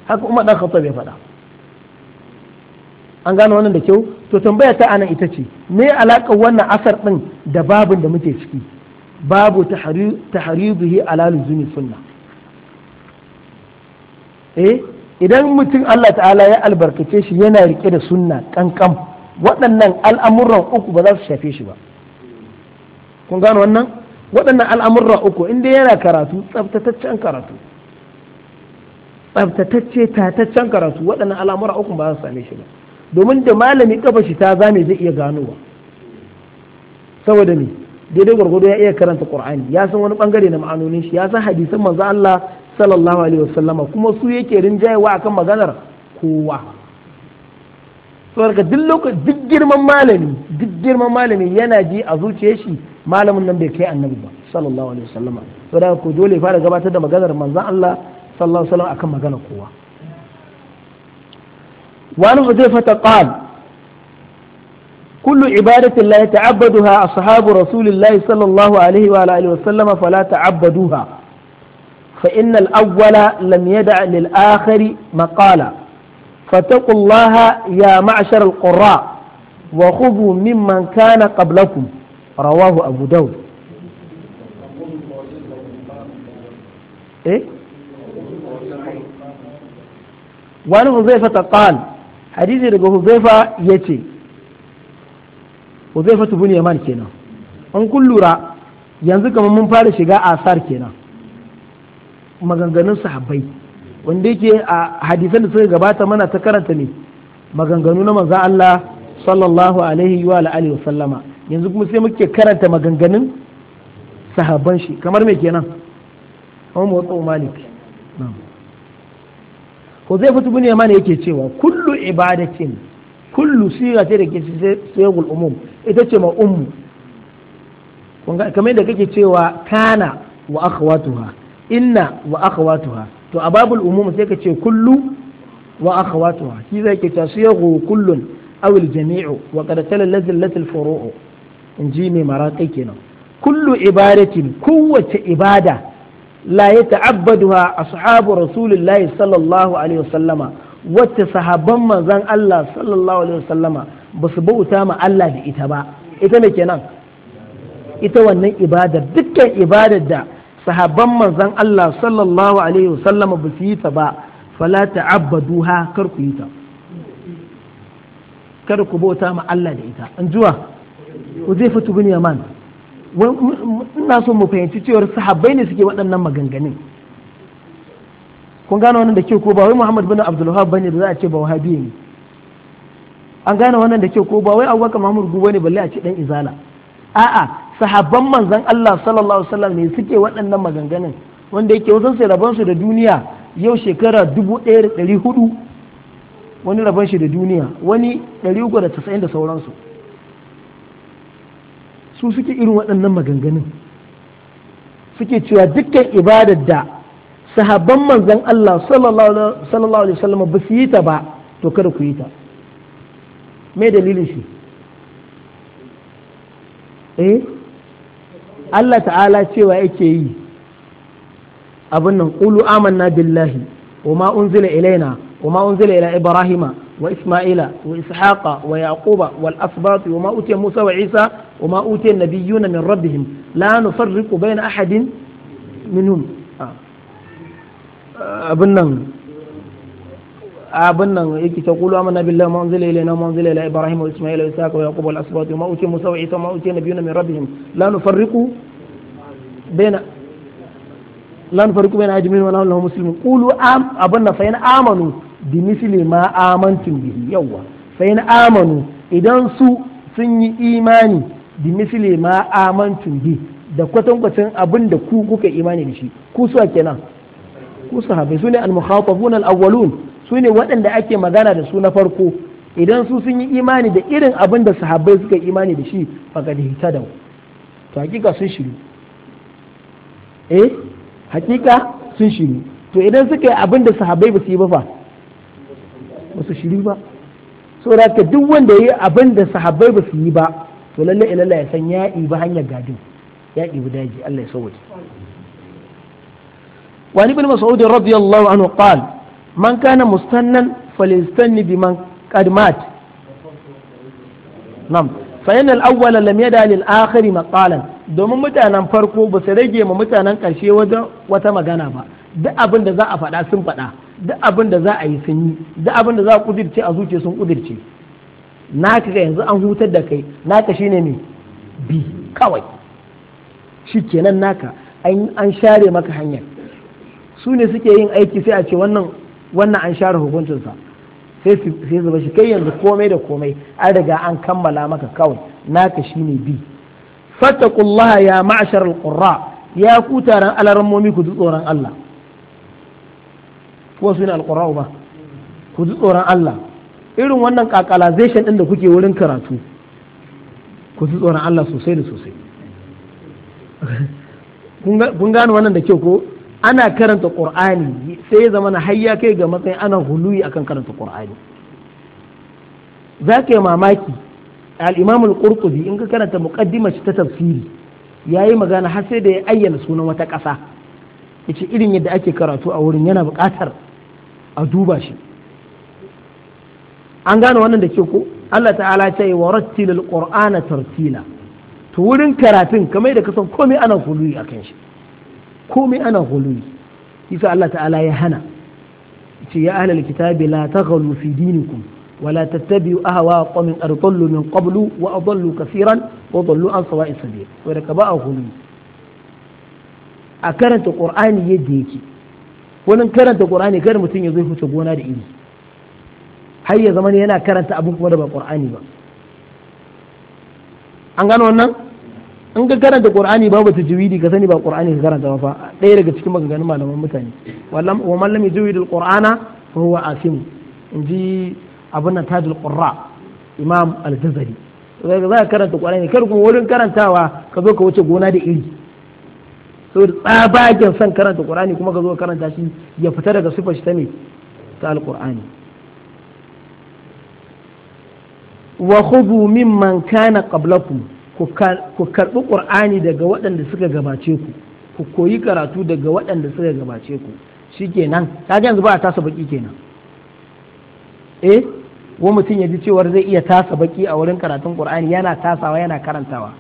haka umar ɗan ya faɗa an gano wannan da kyau to tambaya ta anan ita ce me alaka wannan asar ɗin da babin da muke ciki babu taharibihi ala luzumi sunna eh idan mutum Allah ta'ala ya albarkace shi yana rike da sunna kankan waɗannan al'amuran uku ba za su shafe shi ba kun gano wannan waɗannan al'amuran uku inda yana karatu tsabtataccen karatu tsabtatacce tataccen karatu waɗannan al'amuran uku ba za su same shi ba domin da malami kafa shi ta zame zai iya ganowa saboda me daidai gwargwado ya iya karanta qur'ani ya san wani bangare na ma'anonin shi ya san hadisan manzo Allah sallallahu alaihi wasallama kuma su yake rinjayewa akan maganar kowa saboda duk lokacin duk girman malami duk girman malami yana ji a zuciyar shi malamin nan bai kai annabi ba sallallahu alaihi wasallama saboda ko dole fara gabatar da maganar manzon Allah sallallahu alaihi wasallam akan maganar kowa وعن حذيفة قال كل عبادة لا يتعبدها أصحاب رسول الله صلى الله عليه وعلى آله وسلم فلا تعبدوها فإن الأول لم يدع للآخر مقالا فاتقوا الله يا معشر القراء وخذوا ممن كان قبلكم رواه أبو داود إيه؟ وعن حذيفة قال hadisi daga huzaifa ya ce huzaifa tu bin yaman kenan an kun lura yanzu kamar mun fara shiga asar kenan maganganun sahabbai wanda yake a hadisan da suka gabata mana ta karanta ne maganganu na manzan Allah sallallahu alaihi wa alihi wa sallama yanzu kuma sai muke karanta maganganun sahabban shi kamar me kenan Umar umm Malik na'am Huzaifa ibn Yaman yake cewa kullu ibadatin kullu siga ce da ke sayagul umum ita ce ma ummu kamar da kake cewa kana wa akhawatuha inna wa akhawatuha to a babul umum sai ka ce kullu wa akhawatuha shi zai ke ta siyagu kullun aw al jami'u wa qad talal latil furu'u in ji mai maraƙi kenan kullu ibadatin kowace ibada la ya ta'abbaduha ashabu rasulillahi sallallahu alaihi wasallama wacce sahabban manzon Allah sallallahu alaihi wasallama ba su bauta ma Allah da ita ba ita me kenan ita wannan ibadar dukkan ibadar da sahabban manzon Allah sallallahu alaihi wasallama ba su yi ta ba fala ta'abbaduha kar ku yi ta kar bauta ma Allah da ita an ku zai fitu bin ina so mu fahimci cewar sahabbai ne suke waɗannan maganganun kun gane wannan da ke ko ba wai Muhammad bin Abdul Wahab bane da za a ce ba wahabi ne an gane wannan da ke ko ba wai Abubakar Muhammad Gubo ne balle a ce dan izala a'a sahabban manzon Allah sallallahu alaihi wasallam ne suke waɗannan maganganun wanda yake wasan sai rabon su da duniya yau shekara 1400 wani rabon shi da duniya wani 390 da sauransu su suke irin waɗannan maganganun suke cewa dukkan ibadar da sahabban manzan Allah sallallahu alaihi wasallam ba su yi ta ba to kada ku yi ta me dalilin shi eh Allah ta'ala cewa yake yi abin nan qulu amanna billahi wa ma unzila ilaina wa ma unzila ila ibrahima وإسماعيل وإسحاق ويعقوب والأسباط وما أوتي موسى وعيسى وما أوتي النبيون من ربهم لا نفرق بين أحد منهم ma unzila ilayna ma wa isma'ila wa isaaka wa yaqub wal asbat ma utiya musa wa isa ma utiya nabiyuna min rabbihim la nufarriqu baina la nufarriqu baina ahadin minhum wa amanu bi misli ma amantum bihi yawwa fa in amanu idan su sun yi imani bi misli ma amantum bi da kwatankwacin abin da ku kuka imani da shi ku suwa kenan ku su ne al mukhatabun al-awwalun sune waɗanda ake magana da su na farko idan su sun yi imani da irin abin da sahabbai suka imani da shi faqad hitadaw to hakika sun shiru eh hakika sun shiru to idan suka yi abin da sahabbai ba su yi ba fa ba su shiri ba da ka duk wanda ya yi abin da sahabbai ba su yi ba to lalle ilalla ya san ya ibi hanyar gadin ya ibi daji Allah ya sauwaje wani bin mas'ud radiyallahu anhu qal man kana mustannan falyastanni biman qad mat nam fa yana al-awwal lam yada lil akhir maqalan domin mutanen farko ba su rage ma mutanen karshe wajen wata magana ba duk abin da za a faɗa sun faɗa duk abin da za a yi sun yi duk abin da za a kudirce a zuciya sun kudirce na ga yanzu an hutar da kai naka shine ne bi kawai shi kenan naka an share maka hanyar su ne suke yin aiki sai a ce wannan an share hukuncinsa sai zuba shi kai yanzu komai da komai an riga an kammala maka kawai naka shine bi fattakullaha ya ma'ashar alqurra ya ku taron alarmomi ku ji tsoron Allah ko suna alƙura'u ba ku ji tsoron Allah irin wannan kakalization ɗin da kuke wurin karatu ku ji tsoron Allah sosai da sosai (laughs) kun gano wannan da kyau ko ana karanta ƙur'ani sai ya zama na hayya kai ga matsayin ana huluyi akan karanta ƙur'ani za yi mamaki al-imam al in ka karanta muqaddimar ta tafsiri yayi magana har sai da ya ayyana sunan wata ƙasa yace irin yadda ake karatu a wurin yana buƙatar a duba shi an gane wannan da ke ko Allah ta'ala ce wa rattilil qur'ana tartila to wurin karatun kamar da kasan komai ana huluyi kan shi komai ana huluyi yasa Allah ta'ala ya hana ce ya ahlal kitabi la taghalu fi dinikum wa la tattabi'u ahwa qawmin ardallu min qablu wa adallu kaseeran wa dallu an sawa'i sabil wa da ka ba a huluyi a karanta qur'ani yadda yake wurin karanta qur'ani kada mutum ya zo huce gona da iri har ya zama yana karanta abin kuma da ba qur'ani ba an gano wannan in ka karanta qur'ani babu tajwidi ka sani ba qur'ani ka karanta ba fa ɗaya daga cikin maganganun malaman mutane wallam wa man lam yujwidil qur'ana fa huwa asim inji abin nan tajul qurra imam al-jazari zai ka karanta qur'ani kar kuma wurin karantawa ka zo ka wuce gona da iri saboda tsabagen son karanta ƙur'ani kuma ka zo karanta shi ya fita daga sufa shi ta ne ta alƙur'ani wa khudhu mimman kana qablakum ku karbi qur'ani daga waɗanda suka gabace ku ku koyi karatu daga waɗanda suka gabace ku shikenan ta yanzu ba a tasa baki kenan eh wa mutum ya ji cewar zai iya tasa baki a wurin karatun qur'ani yana tasawa yana karantawa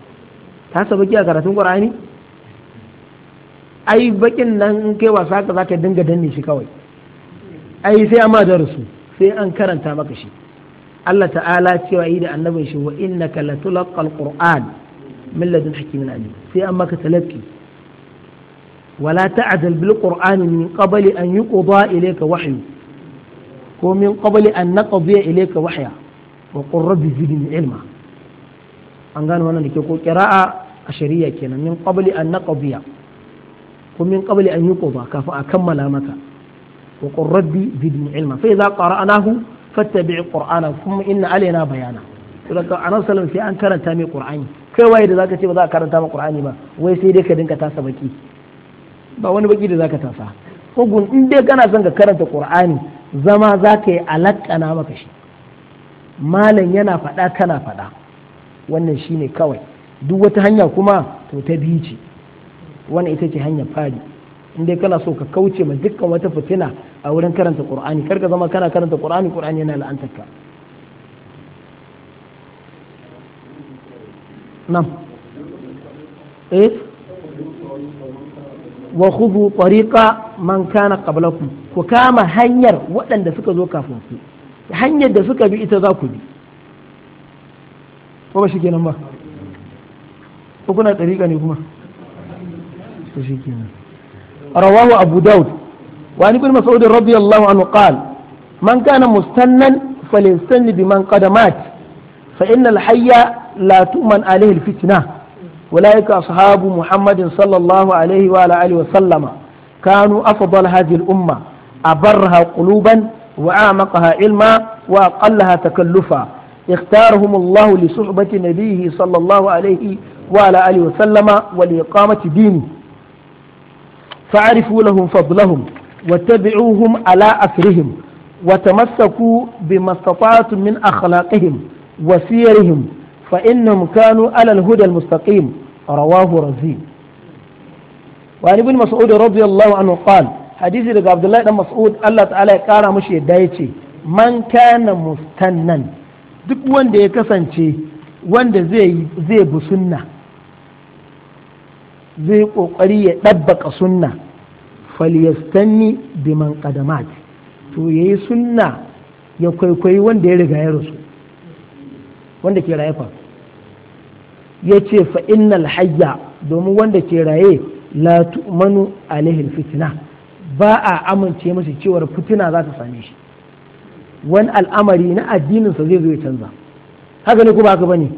tasa baki a karatun qur'ani ai bakin nan kai wasa ka zaka dinga danne shi kawai ai sai amma darasu sai an karanta maka shi Allah ta'ala cewa yi da annabin shi wa innaka latulqal qur'an min ladun hakimin alim sai an maka talaqi wala ta'dal bil qur'ani min qabli an yuqda ilayka wahyu ko min qabli an naqdiya ilayka wahya wa qur rabbi zidni ilma an gano wannan da ke ko qira'a a shari'a kenan min qabli an naqdiya kun min qabli an yuqda kafin a kammala maka wa qur rabbi zidni ilma fa idza qara'nahu fattabi' qur'ana kuma inna alaina bayana to daga anan sallam sai an karanta mai qur'ani kai waye da zaka ce ba za ka karanta mai qur'ani ba wai sai dai ka dinka tasa baki ba wani baki da zaka tasa ugun in dai kana son ka karanta qur'ani zama zaka yi alakana maka shi malam yana faɗa kana faɗa wannan shine kawai duk wata hanya kuma to ta biyu ce wannan ita ce hanyar fari in dai kana so ka kauce ma dukkan wata fitina a wurin karanta qur'ani karka ka zama kana karanta qur'ani qur'ani yana la'antarka. nam eh wa khudhu tariqa man kana qablakum ku kama hanyar waɗanda suka zo kafin ku hanyar da suka bi ita za ku bi ko ba shi kenan ba ko kuna tariqa ne kuma to shikenan rawahu abu daud wa ibn mas'ud radiyallahu anhu qala man kana mustannan falyastanni biman qadamat fa innal hayya la tu'man alayhi alfitna أولئك أصحاب محمد صلى الله عليه وعلى آله وسلم كانوا أفضل هذه الأمة أبرها قلوبا وأعمقها علما وأقلها تكلفا اختارهم الله لصحبة نبيه صلى الله عليه وعلى آله وسلم ولإقامة دينه fa'rifu lahum fadlahum wattabi'uhum ala asrihim وتمسكوا بما استطعتم من أخلاقهم وسيرهم فإنهم كانوا على الهدى المستقيم رواه رزين وعن ابن مسعود رضي الله عنه قال حديث لك عبد الله بن مسعود الله تعالى قال مشي يدايتي من كان مستنا duk wanda ya kasance wanda zai bi sunna zai kokari ya ɗabbaka sunna falyastanni man qadamat to yayi sunna ya kwaikwayi wanda ya riga ya rasu wanda ke raye fa ya ce fa innal hayya domin wanda ke raye la tu'manu alaihi fitina ba a amince masa cewar fitina za ta same shi wani al'amari na addininsa zai zo ya canza haka ne ko ba haka bane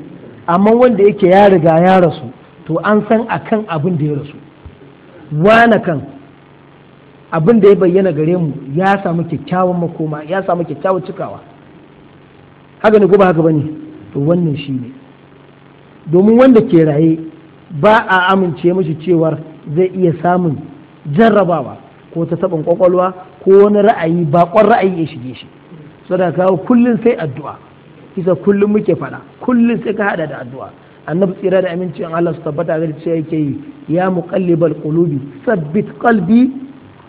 amma wanda yake ya riga ya rasu to an san akan abin da ya rasu wane kan abin da ya bayyana gare mu ya samu kyakkyawan makoma ya samu kyakkyawan cikawa haka ne ko ba haka bane to wannan shi ne domin wanda ke raye ba a amince mashi cewar zai iya samun jarrabawa ko ta taɓin kwakwalwa ko wani ra'ayi baƙon ra'ayi ya shige shi saboda kawo kullum sai addu'a kisa kullum muke faɗa kullum sai ka haɗa da addu'a annabi tsira da amincin Allah su tabbata ga cewa yake yi ya muqallibal qulubi sabbit qalbi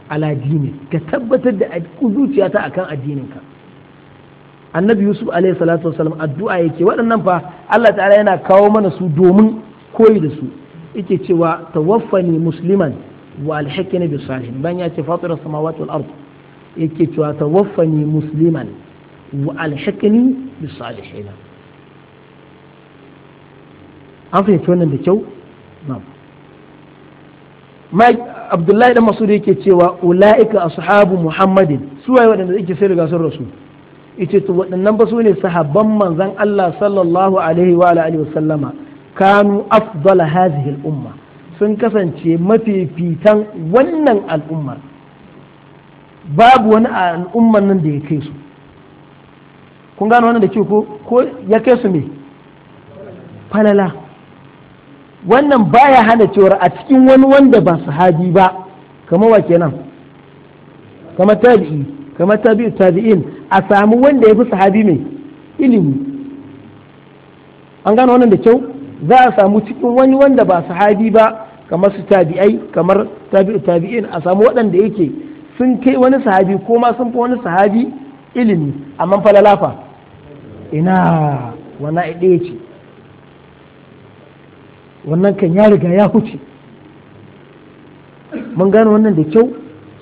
ala dini ka tabbatar da zuciyata akan addininka annabi yusuf alaihi salatu wasallam addu'a yake waɗannan fa Allah ta'ala yana kawo mana su domin koyi da su yake cewa tawaffani musliman wa alhaqini bis salihin ban ya ce fatira samawati wal ard yake cewa tawaffani musliman wa alhaqini bis salihin an fahimci wannan da kyau abdullahi dan masudu yake cewa ula'ika ashabu muhammadin su waye waɗanda yake sai riga sun rasu yace to waɗannan ba su ne sahabban manzan Allah sallallahu alaihi wa alihi wa sallama kanu afdal hadhihi al-umma sun kasance mafifitan wannan al'ummar babu wani al'ummar nan da ya kai su kun gano wannan da ke ko ya kai su ne falala wannan baya hana cewar a cikin wani wanda ba sahabi ba kamar wa kenan kamar tabi'i kamar tabi'u tabi'in a samu wanda ya fi sahabi mai ilimi an gano wannan da kyau za a samu cikin wani wanda ba sahabi ba kamar su tabi'ai kamar tabi'u tabi'in a samu waɗanda yake sun kai wani sahabi ko ma sun fi wani sahabi ilimi amma falalafa ina wani ɗaya ce wannan kan ya riga ya huce mun gano wannan da kyau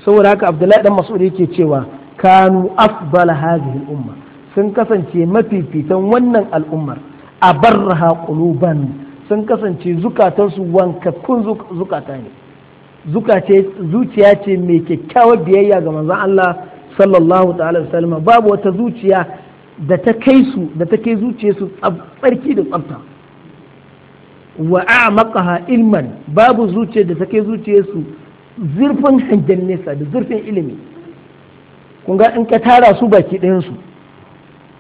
saboda haka abdullahi dan mas'ud yake cewa kanu afbala hadhihi umma sun kasance mafifitan wannan al'ummar abarraha quluban sun kasance zukatansu wankakkun zukata ne zuciya ce mai kyakkyawar biyayya ga manzon Allah sallallahu ta'ala wasallam babu wata zuciya da ta kai su da ta kai zuciyarsu tsarki da tsafta wa a'maqaha ilman babu zuciyar da take zuciyar su zurfin hangen nesa da zurfin ilimi kun ga in ka tara su baki ɗayan su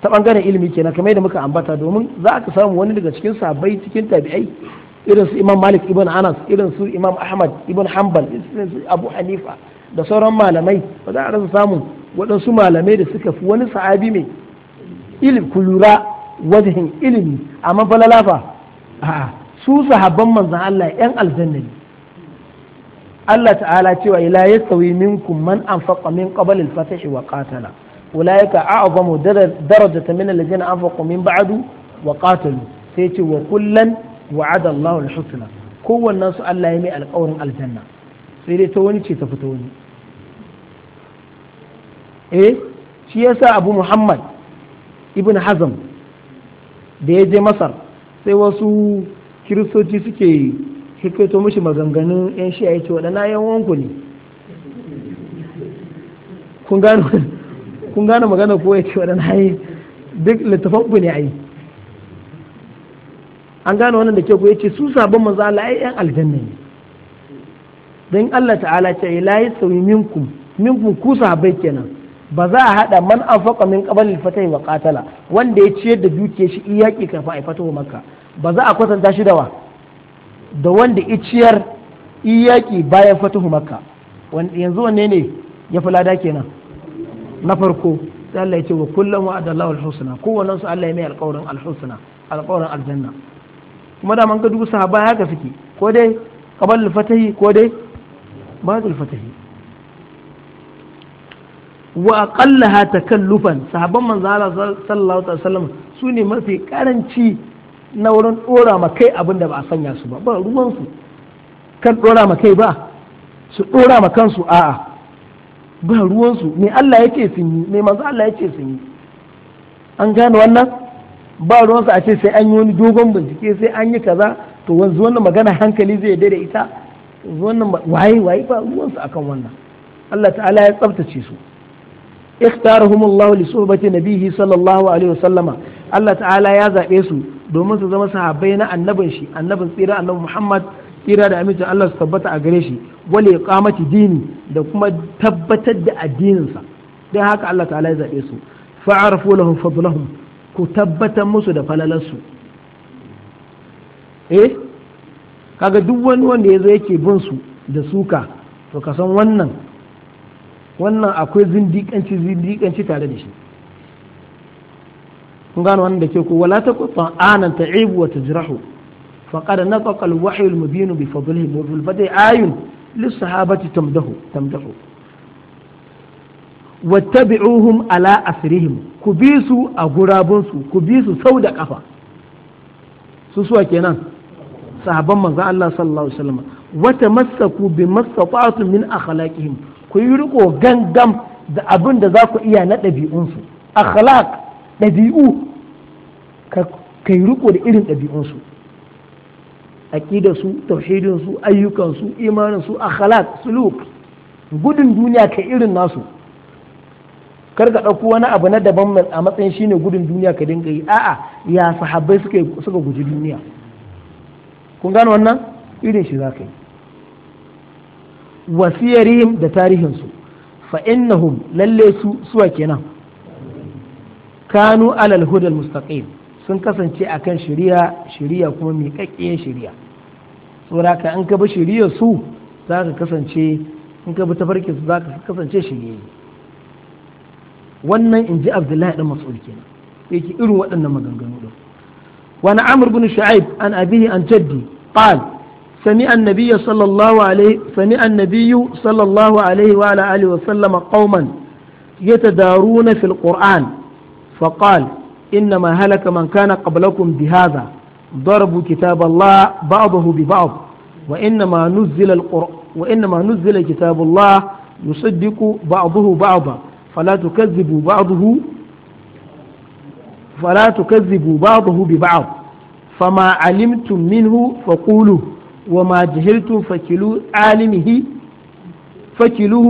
ta ɓangaren ilimi ke na kamar da muka ambata domin za ka samu wani daga cikin sabai cikin tabi'ai irin su Imam Malik ibn Anas irin su Imam Ahmad ibn Hanbal irin su Abu Hanifa da sauran malamai ba za a rasa samun waɗansu malamai da suka fi wani sa'abi mai ilim kulura wajen ilimi amma falalafa a'a su sahabban manzan Allah yan aljanna ne Allah ta'ala cewa la yastawi minkum man anfaqa min qabl al-fath wa qatala ulaika a'zamu darajatan min alladhina anfaqu min ba'du wa qatalu sai ce wa kullan wa'ada Allahu al-husna Kowannan su Allah ya mai alƙawarin aljanna sai dai ta wani ce ta fito wani eh shi yasa Abu Muhammad ibn Hazm da ya je Masar sai wasu kiristoci suke hikwato mashi maganganun 'yan shi ya ce waɗanda yan wanku ne kun gane magana ko ya ce waɗanda ya duk littafan ku ne a yi an gane wannan da ke ku ya ce su sabon manzo Allah ai yan aljanna ne don Allah ta'ala ce la yasawi minkum minkum ku sabai kenan ba za a haɗa man anfaqa min qabl al-fatay wa qatala wanda ya ciyar da dukiyar shi iyaki kafa a fatahu makka ba za a kwatanta shi da wa da wanda iciyar iyaki bayan fatuhu makka yanzu wanne ne ya fi lada kenan na farko sai Allah ya ce wa kullum wa adallahu alhusna kowannen su Allah ya mai alƙawarin alhusna alƙawarin aljanna kuma da man ga dubu sahaba haka suke ko dai qabl fatahi ko dai ba'dul fatahi wa aqallaha takallufan sahabban manzo Allah sallallahu alaihi wasallam su ne mafi karanci na wurin ɗora ma kai abin da ba a sanya su ba ba ruwansu kan ɗora ma kai ba su ɗora ma kansu a'a ba ruwansu me Allah yake sun yi me manzo Allah yake sun yi an gane wannan ba ruwansu a ce sai an yi wani dogon bincike sai an yi kaza to wanzu wannan magana hankali zai da ita wannan waye waye ba ruwansu akan wannan Allah ta'ala ya tsabtace su اختارهم الله لصحبة نبيه صلى الله عليه وسلم الله تعالى يا زابيسو domin su zama sahabai na annabin shi annabin tsira annabi Muhammad tsira da amincin Allah su tabbata a gare shi wale kamati dini da kuma tabbatar da addininsa dan haka Allah ta'ala ya zaɓe su fa'arfu lahum fadlahum ku tabbata musu da falalarsu eh kaga duk wani wanda yazo yake bin su da suka to ka wannan wannan akwai zindikanci-zindikanci tare da shi kun gano wannan da ke ku wala ta kufa anan ta ta'ibu wa tajrahu faqad nafaqa na wahyu al-mubin bi fadlihi wa bil fadai ayun lis-sahabati tamdahu tamdahu wattabi'uhum ala asrihim ku bi su a gurabunsu ku bi su sau da kafa su suwa kenan sahabban manzon Allah sallallahu alaihi wasallam wata masaku bi masafatu min akhlaqihim ku yi riko gangam da abin da za ku iya na ɗabi'unsu akhlaq ɗabi'u ka yi riko da irin ɗabi'unsu aƙidarsu tauhidinsu ayyukansu imaninsu akhlaq suluk gudun duniya ka irin nasu kar ka ɗauko wani abu na daban a matsayin shine gudun duniya ka dinga yi a'a ya sahabbai suka suka guji duniya kun gano wannan irin shi zaka yi wasiyarihim da tarihinsu fa innahum lalle su suwa kenan kanu alal hudal mustaqim sun kasance a kan shari'a shari'a kuma miƙaƙƙiyar shari'a saboda ka in ka bi shari'a su za ka kasance in ka bi tafarki su za ka kasance shari'a wannan in ji abdullahi dan masu kenan yake irin waɗannan maganganu din wani amr bin shu'aib an abihi an jaddi qal سمع النبي صلى الله عليه سمع النبي صلى الله عليه وعلى آله وسلم قوما يتدارون في القرآن فقال inna ma halaka mankana kana qablakum bihadha darabu kitab Allah ba'dahu bi ba'd wa inna ma nuzila wa inna ma nuzila kitab Allah yusaddiqu ba'dahu ba'dha fala tukazzibu ba'dahu fala tukazzibu ba'dahu bi ba'd fama alimtum minhu kulu wa ma jahiltum fakiluhu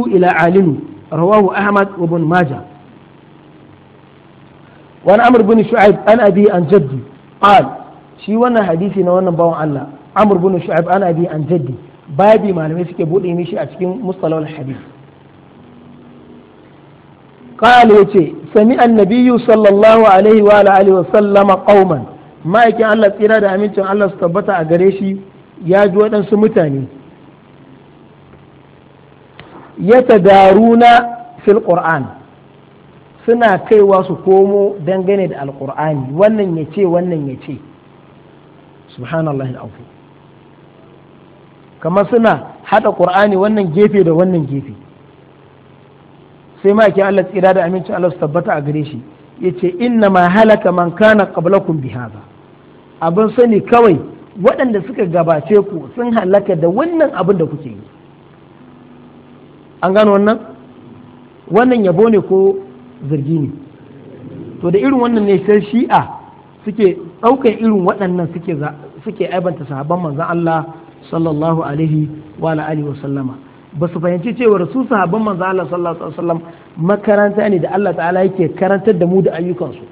ila alimi rawahu ahmad wa maja. wani amr bin shu'aib an abi an jaddi qal shi wannan hadisi na wannan bawan Allah amr bin shu'aib an abi an jaddi babi malamai suke bude mishi a cikin mustalahul hadith قال يتي سمع النبي صلى الله عليه وآله وسلم قوما ما يكي الله تيرا دا أمين الله ستبتا أغريشي يا جوانا سمتاني يتدارون في القرآن suna kaiwa su komo dangane da alkur'ani wannan ya ce wannan ya ce subhanallah al'afu kamar suna haɗa ƙur'ani wannan gefe da wannan gefe sai ma ke Allah tsira da amincin Allah su tabbata a gare shi ya ce inna ma halaka man kana qablakum bi hadha abin sani kawai waɗanda suka gabace ku sun halaka da wannan abin da kuke yi an gano wannan wannan yabo ne ko zargi ne to da irin wannan ne sai shi'a suke ɗaukar irin waɗannan suke aibanta sahabban manzan Allah sallallahu alaihi wa alihi wa sallama ba su fahimci cewa su sahabban manzan Allah sallallahu alaihi wa sallam makaranta ne da Allah ta'ala yake karantar da mu da ayyukansu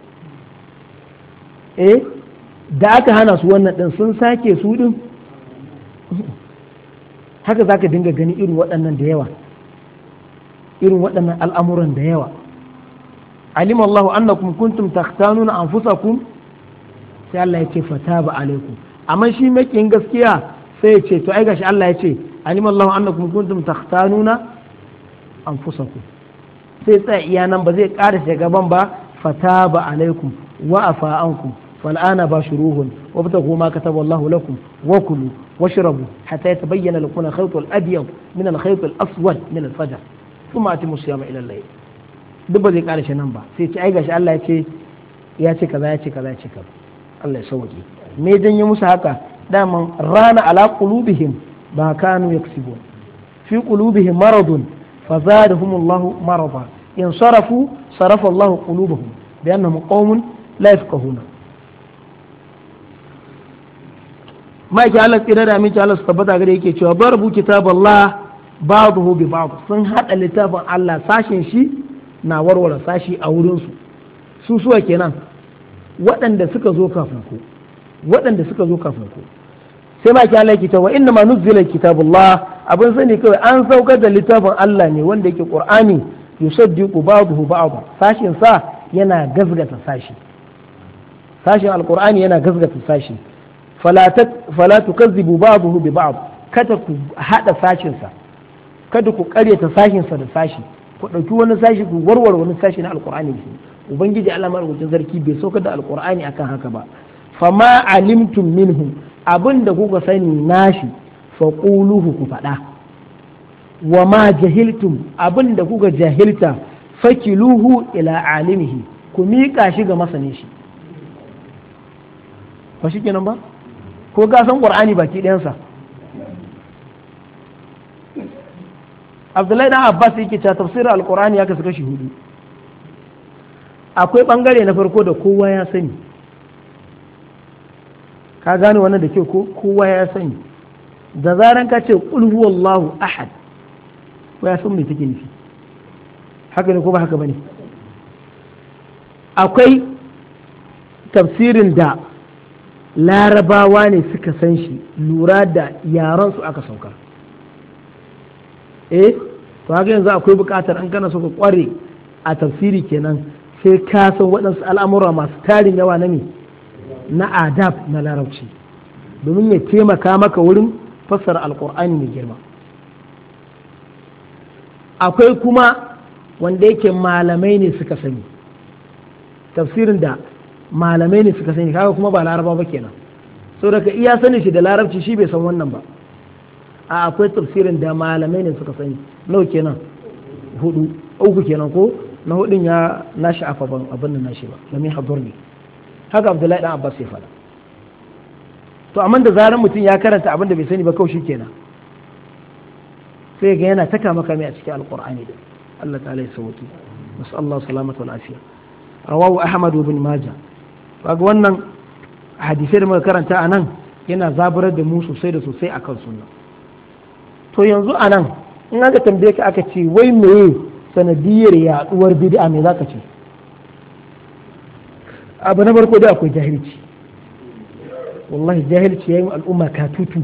eh da aka hana su wannan ɗin sun sake su ɗin? haka za ka dinga gani irin waɗannan da yawa irin waɗannan al'amuran da yawa alim annakum kuntum takhtanuna anfusakum sai Allah ce fataba alaikum amma shi makin gaskiya sai ya ce to ai gashi Allah ya ce alim Allahu annakum kuntum takhtanuna anfusakum sai tsaya iya nan ba zai ƙara gaban ba fataba alaikum wa afa ankum فالآن باشروهن وابتغوا ما كتب lakum لكم وكلوا واشربوا حتى يتبين لكم الخيط الأبيض من الخيط الأسود من الفجر ثم أتموا الصيام إلى ilallai. duk ba zai ƙara shi nan ba sai ce ai gashi Allah ya ce ya ce kaza ya ce kaza ya ce kaza Allah ya sauke me yi musu haka daman rana ala qulubihim ba kanu yaksubu fi qulubihim maradun fa zadahum Allah marada in sarafu sarafa Allah qulubuhum bi annahum qaumun la yafqahuna mai ki Allah tsira da mai ki Allah tabbata gare yake cewa bar bu Allah ba'dahu bi ba'd sun hada littafin Allah sashin shi na warware sashi a wurinsu su suwa kenan waɗanda suka zo kafin ku waɗanda suka zo kafin ku sai ma kyala kitab wa inna ma nuzila kitabullah abin sani kawai an saukar da littafin Allah ne wanda yake qur'ani yusaddiqu ba'dahu ba'dahu sashin sa yana gazgata sashi sashin alqur'ani yana gazgata sashi fala fala tukazzibu ba'dahu bi ba'd kada ku hada sashin sa kada ku karyata sashin sa da sashi ku ɗauki wani sashi ku warware wani sashi na alkur'ani shi ubangiji Allah madaukakin sarki bai sauka da alkur'ani akan haka ba Fa ma alimtum minhu abin da kuka sani nashi fa quluhu ku faɗa wa ma jahiltum abin da kuka jahilta fakiluhu ila alimihi ku miƙa shi ga masanin shi ba shi kenan ba ko ga san qur'ani baki ɗayansa abdullahi dan abbas yake cewa tafsirin alqur'ani ya kasu kashi hudu akwai bangare na farko da kowa ya sani ka gane wannan da ke ko kowa ya sani da zaran ka ce kul huwallahu ahad ko ya san me take nufi haka ne ko ba haka bane akwai tafsirin da larabawa ne suka san shi lura da su aka sauka eh to haka yanzu akwai buƙatar an kana suka kware a tafsiri kenan sai ka san waɗansu al'amura masu tarin yawa na me na adab na larabci domin ya taimaka maka wurin fassara alƙur'ani mai girma akwai kuma wanda yake malamai ne suka sani tafsirin da malamai ne suka sani kaga kuma ba laraba ba kenan so ka iya sani shi da larabci shi bai san wannan ba a akwai tafsirin da malamai ne suka sani nawa kenan hudu uku kenan ko na hudun ya na sha'afa ban abin da na shi ba lamin hadur ne haka abdullahi dan abbas ya faɗa to amma da zarar mutum ya karanta abin da bai sani ba kawai shi kenan sai ga yana taka maka mai a cikin alqur'ani da. Allah ta'ala ya sauki masallahu salamatu wal afiya rawahu ahmad ibn majah kaga wannan hadisai da muka karanta anan yana zaburar da mu sosai da sosai akan sunna to yanzu a nan in aka tambaye ka aka ce wai meye sanadiyar yaduwar bid'a me zaka ce abu na farko dai akwai jahilci wallahi jahilci ya yi al'umma ka tutu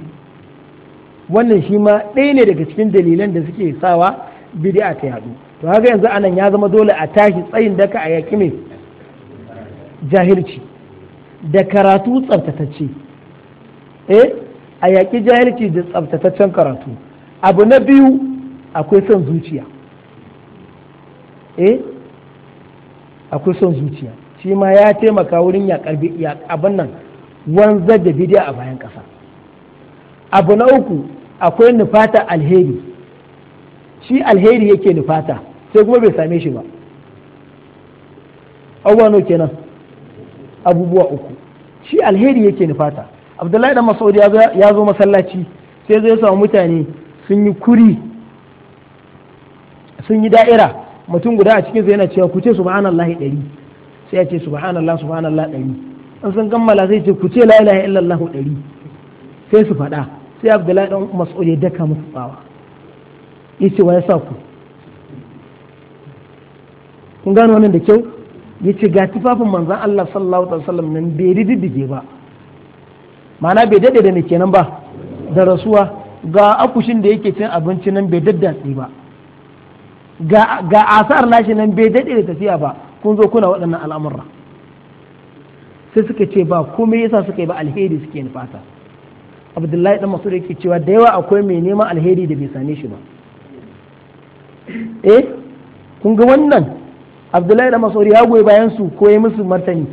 wannan shi ma ɗaya ne daga cikin dalilan da suke sawa bid'a ta yadu to haka yanzu anan ya zama dole a tashi tsayin daka a yaki mai jahilci da karatu tsabtatacce eh a yaƙi jahilci da tsaftataccen karatu abu na biyu akwai son zuciya eh akwai son zuciya shi ma ya taimaka wurin ya abin nan wanzar da bidiya a bayan ƙasa abu na uku akwai nufata alheri shi alheri yake nufata sai kuma bai same shi ba abubuwa kenan abubuwa uku shi alheri yake nufata abdullahi dan masaudi ya zo masallaci sai zai samu mutane sun yi kuri sun yi da'ira mutum guda a cikinsu yana cewa ku ce subhanallah ɗari sai ya ce subhanallah subhanallah ɗari an sun kammala sai ce ku ce la ilaha illallah ɗari sai su faɗa sai abdullahi dan mas'ud ya daka musu tsawa yace wa ya sa ku kun gano wannan da kyau yace ga tufafin manzon Allah sallallahu alaihi wasallam nan bai riddige ba ma'ana bai dade da ne kenan ba da rasuwa ga akushin da yake cin abinci nan bai daddatsi ba ga asar nashi nan bai daɗe da tafiya ba kun zo kuna waɗannan al'amurra sai suka ce ba komai yasa suka yi ba alheri suke fata abdullahi dan masu yake cewa da yawa akwai mai neman alheri da bai same shi ba eh kun ga wannan abdullahi dan masu ya goyi bayan su ko ya musu martani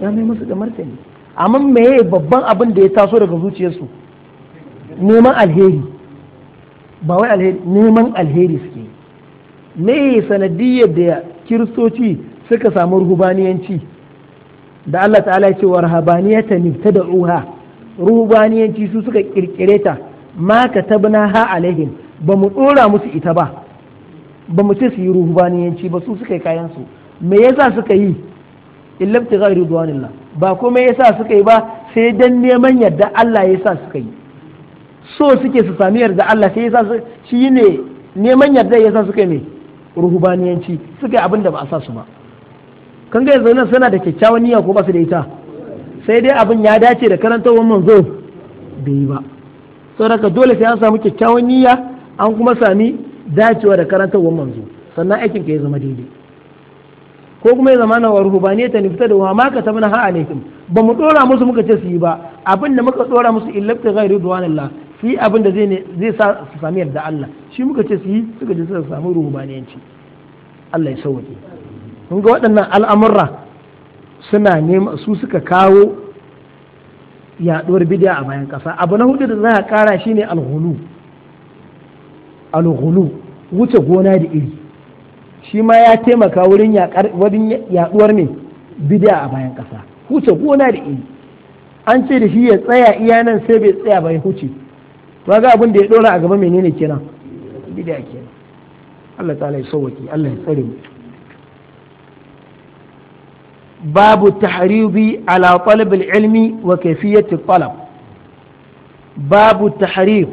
ya mai musu da martani amma meye babban abin da ya taso daga zuciyarsu neman alheri ba wai alheri neman alheri suke me sanadiyyar da kiristoci suka samu ruhubaniyanci da Allah ta'ala ya ce wa rahabaniyata ruha ruhubaniyanci su suka kirkire ta ma tabna ha alaihim ba mu dora musu ita ba ba mu ce su yi ruhubaniyanci ba su suka yi kayan su me yasa suka yi illabti ghairu ba kuma yasa suka yi ba sai dan neman yadda Allah yasa suka yi so suke su sami yarda Allah sai yasa su shi ne neman yarda yasa suka ne ruhubaniyanci suka yi abin da ba a sa su ba kan ga yanzu nan suna da kyakkyawan niyya ko ba su da ita sai dai abin ya dace da karantawar manzo bai yi ba saboda dole sai an samu kyakkyawan niyya an kuma sami dacewa da karantarwar manzo sannan aikin ka ya zama daidai ko kuma ya zama na wa ruhubaniya ta nufita da wama ka ta mana ha'a ba mu ɗora musu muka ce su yi ba abin da muka ɗora musu illabta ghairu duwanillah su yi abin da zai sa su sami yarda Allah shi muka ce su yi suka je suka samu ruhubaniyanci Allah ya sauke kun ga waɗannan al'amurra suna nema su suka kawo yaɗuwar bidiya a bayan ƙasa abu na hudu da za a ƙara shine alhulu alhulu wuce gona da iri shi ma ya taimaka wurin yaɗuwar ne bidiya a bayan ƙasa wuce gona da iri an ce da shi ya tsaya iya nan sai bai tsaya bai huce to ga abin da ya dora a gaba menene kenan bid'a kenan Allah ta'ala ya sauwaki Allah ya tsare mu babu tahribi ala talab ilmi wa kayfiyati talab babu tahrib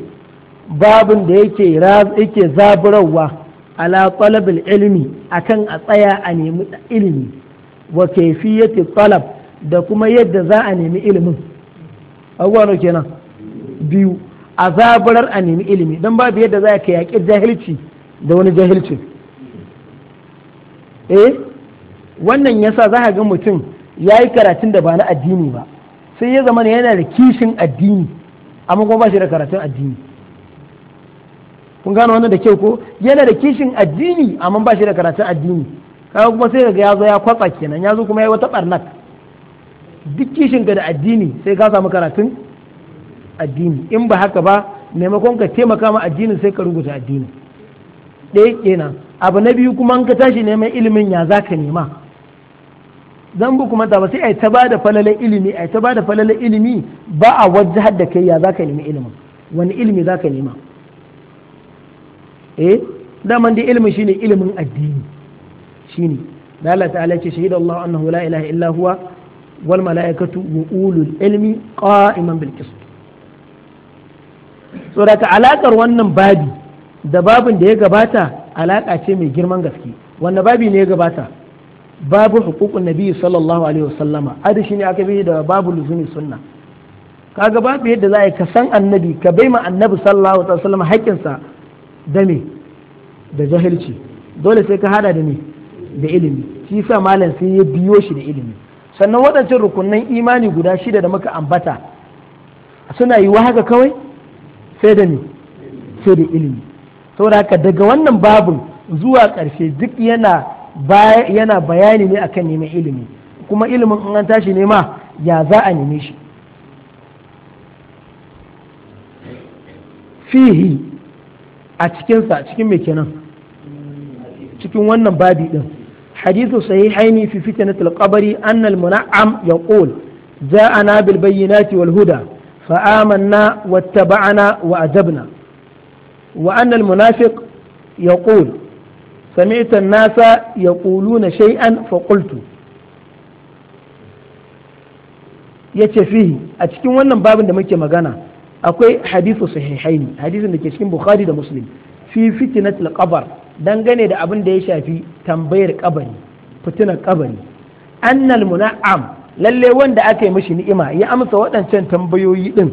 babun da yake yake zaburawa ala talab ilmi akan a tsaya a nemi ilimi wa kayfiyati talab da kuma yadda za a nemi ilimin abubuwa kenan biyu a zaburar a nemi ilimi don babu yadda za ka yaƙi jahilci da wani jahilci eh wannan yasa za ga mutum ya yi karatun da ba na addini ba sai ya zama yana da kishin addini amma kuma ba shi da karatun addini kun gano wannan da kyau ko yana da kishin addini amma ba shi da karatun addini kaga kuma sai ga ya ya kwatsa kenan ya zo kuma ya wata barnak duk kishin ka da addini sai ka samu karatun addini in ba haka ba maimakon ka taimaka ma addinin sai ka rubuta addini ɗaya kenan abu na biyu kuma in ka tashi neman ilimin ya za ka nema zan bu kuma ba sai a ta ba da ilimi a ta ba da falalen ilimi ba a wajahar da kai ya za ka nemi ilimin wani ilimi za ka nema eh daman dai ilimin shine ilimin addini shine da Allah ta'ala ce shahida Allah annahu la ilaha illa huwa wal malaikatu wa ulul ilmi qa'iman bil qist daga alakar wannan babi da babin da ya gabata alaka ce mai girman gaske wannan babi ne ya gabata babu hukukun nabi sallallahu alaihi wasallama adi shine aka bi da babu luzumi sunna kaga babu yadda za ka san annabi ka bai ma annabi sallallahu alaihi wasallama haƙƙinsa da me da jahilci dole sai ka hada da me da ilimi shi sa malam sai ya biyo shi da ilimi sannan waɗancan rukunan imani guda shida da muka ambata suna yi haka kawai sai da ni sai da ilimi saboda daga wannan babin zuwa ƙarshe duk yana yana bayani ne akan neman ilimi kuma ilimin in an tashi nema ya za a neme shi fihi a cikinsa cikin mai kenan cikin wannan babi din hadithu sahihaini fi fitnatul qabri anna al mun'am yaqul ja'ana bil bayyinati wal huda فآمنا واتبعنا وأجبنا وأن المنافق يقول سمعت الناس يقولون شيئا فقلت yace fihi a cikin wannan babin da muke magana akwai hadithu sahihaini hadisin da ke cikin bukhari da muslim fi fitnatul qabr dangane da abin da ya shafi tambayar kabari fitinar kabari annal muna'am lalle wanda aka yi mishi ni'ima ya amsa waɗancan tambayoyi ɗin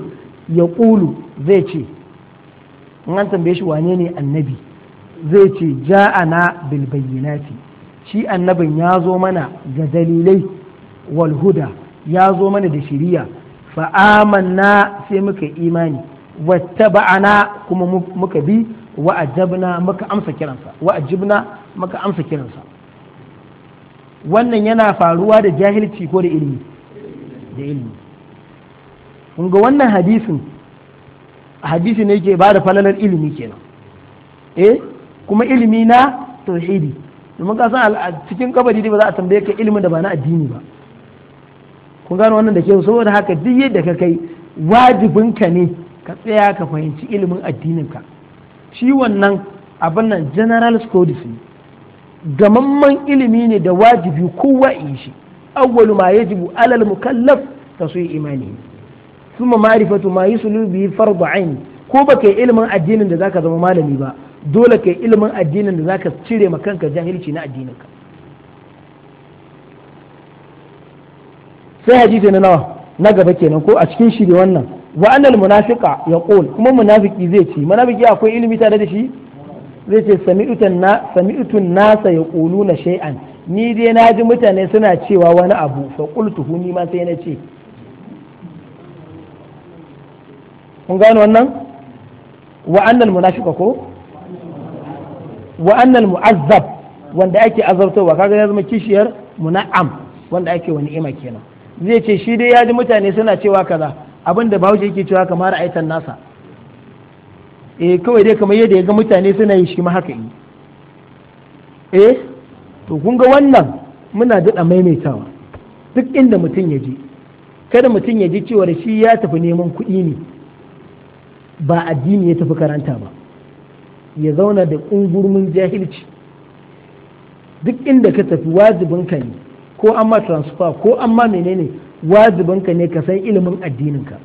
ya ƙulu zai ce in an tambaye shi wane ne annabi zai ce ja'ana bil shi annabin ya zo mana ga dalilai walhuda ya zo mana da shiriya fa'amanna sai muka imani wattaba'ana kuma muka bi wa muka amsa kiransa muka amsa kiransa wannan yana faruwa da jahilci ko da ilimi da ilimi kun wannan hadisin hadisi ne ke ba da falalar ilimi kenan eh kuma ilimi na tauhidi domin ka san cikin kabari ba za a tambaye ka ilimin da ba na addini ba kun gano wannan da ke saboda haka duk yadda ka kai wajibin ka ne ka tsaya ka fahimci ilimin addininka shi wannan abin nan general studies gamamman ilimi ne da wajibi kowa yi shi awwalu ma yajibu alal mukallaf taswi imani kuma ma'rifatu ma yusulu bi fardu ain ko baka yi ilimin addinin da zaka zama malami ba dole kai ilimin addinin da zaka cire ma kanka jahilci na ka sai hadisi na nawa na gaba kenan ko a cikin shi da wannan wa annal munafiqa yaqul kuma munafiki zai ce munafiki akwai ilimi tare da shi zai ce sami'utun nasa ya ƙulu na shay'an ni dai na ji mutane suna cewa wani abu fa qultuhu ni ma sai na ce kun gano wannan wa annal ko wa'annan mu'azzab wanda ake azabtowa kaga ya zama kishiyar muna'am wanda ake wani ima kenan zai ce shi dai ya ji mutane suna cewa kaza abinda bahaushe yake cewa kamar aitan nasa eh kawai dai kamar yadda ya ga mutane suna yi shi ma haka yi eh to kun ga wannan muna daɗa maimaitawa duk inda mutum ya je kada mutum ya ji cewar shi ya tafi neman kuɗi ne ba addini ya tafi karanta ba ya zauna da ƙungurmin jahilci duk inda ka tafi wajibinka ne ko an ma transfer ko an ma menene wajibinka ne ka san ilimin addininka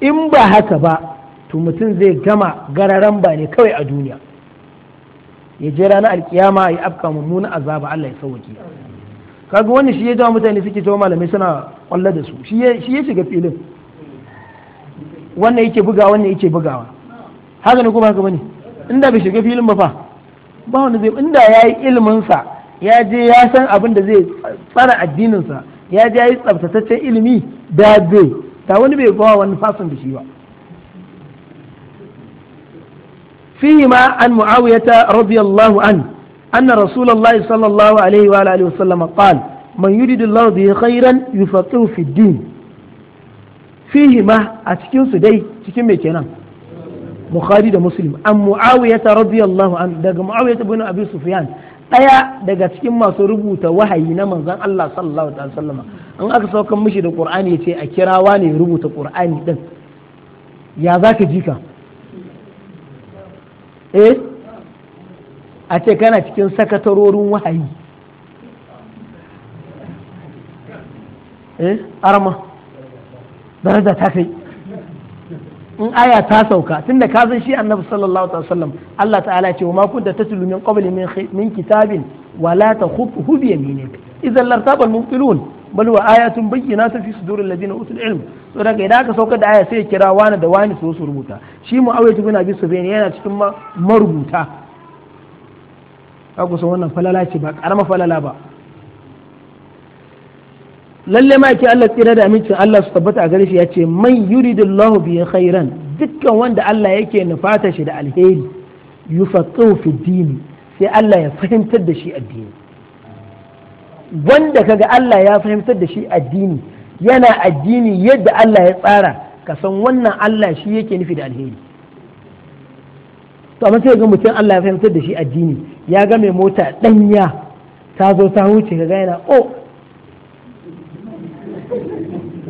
in ba haka ba to mutum zai gama gararan ba ne kawai a duniya ya je ranar alkiyama ya afka mummuna azaba Allah ya sauke kaga wannan shi ya jawo mutane suke jawo malamai suna kwallo da su shi ya shiga filin wannan yake bugawa wannan yake bugawa haka ne kuma haka bane inda bai shiga filin ba fa ba wanda zai inda yayi ilimin sa ya je ya san abin da zai tsara addinin sa ya je yayi tsabtace ilimi da zai. ta wani bai ba wani fasin da shi ba فيهما عن معاوية رضي الله عنه أن رسول الله صلى الله عليه وآله وسلم قال من يريد الله به خيرا يفقه في الدين فيهما أتكين سدي تكين ميكينا بخاري ده مسلم عن معاوية رضي الله عنه ده معاوية بن أبي سفيان ɗaya daga cikin masu rubuta wahayi na manzon Allah sallallahu alaihi wasallam an aka saukan mishi da Qur'ani ya ce a kirawa ne rubuta Qur'ani din ya zaka ji ka E a ce kana cikin sakatarorin wahayi eh arma daraja ta kai in aya ta sauka tunda ka san shi annabi sallallahu alaihi wasallam Allah ta'ala ce wa ma kunta tatlu min qabli min min kitabin wa la takhutuhu bi yaminik idan lartabal mubtilun bal wa ayatun bayyinatun fi sudur alladhina utul ilm so daga idan aka saukar da aya sai ya kira wani da wani su su rubuta shi mu muawiya ibn abi bai yana cikin marubuta ku san wannan falala ce ba karama falala ba lalle ma yake Allah tsira da amincin Allah su tabbata a gare shi ya ce man yuridullahu bi khairan dukkan wanda Allah yake nufata shi da alheri yufaqihu fi dini sai Allah ya fahimtar da shi addini wanda kaga Allah ya fahimtar da shi addini yana addini yadda Allah ya tsara ka san wannan Allah shi yake nufi da alheri to amma sai ga mutum Allah ya fahimtar da shi addini ya ga mai mota danya ta zo ta huce ga yana oh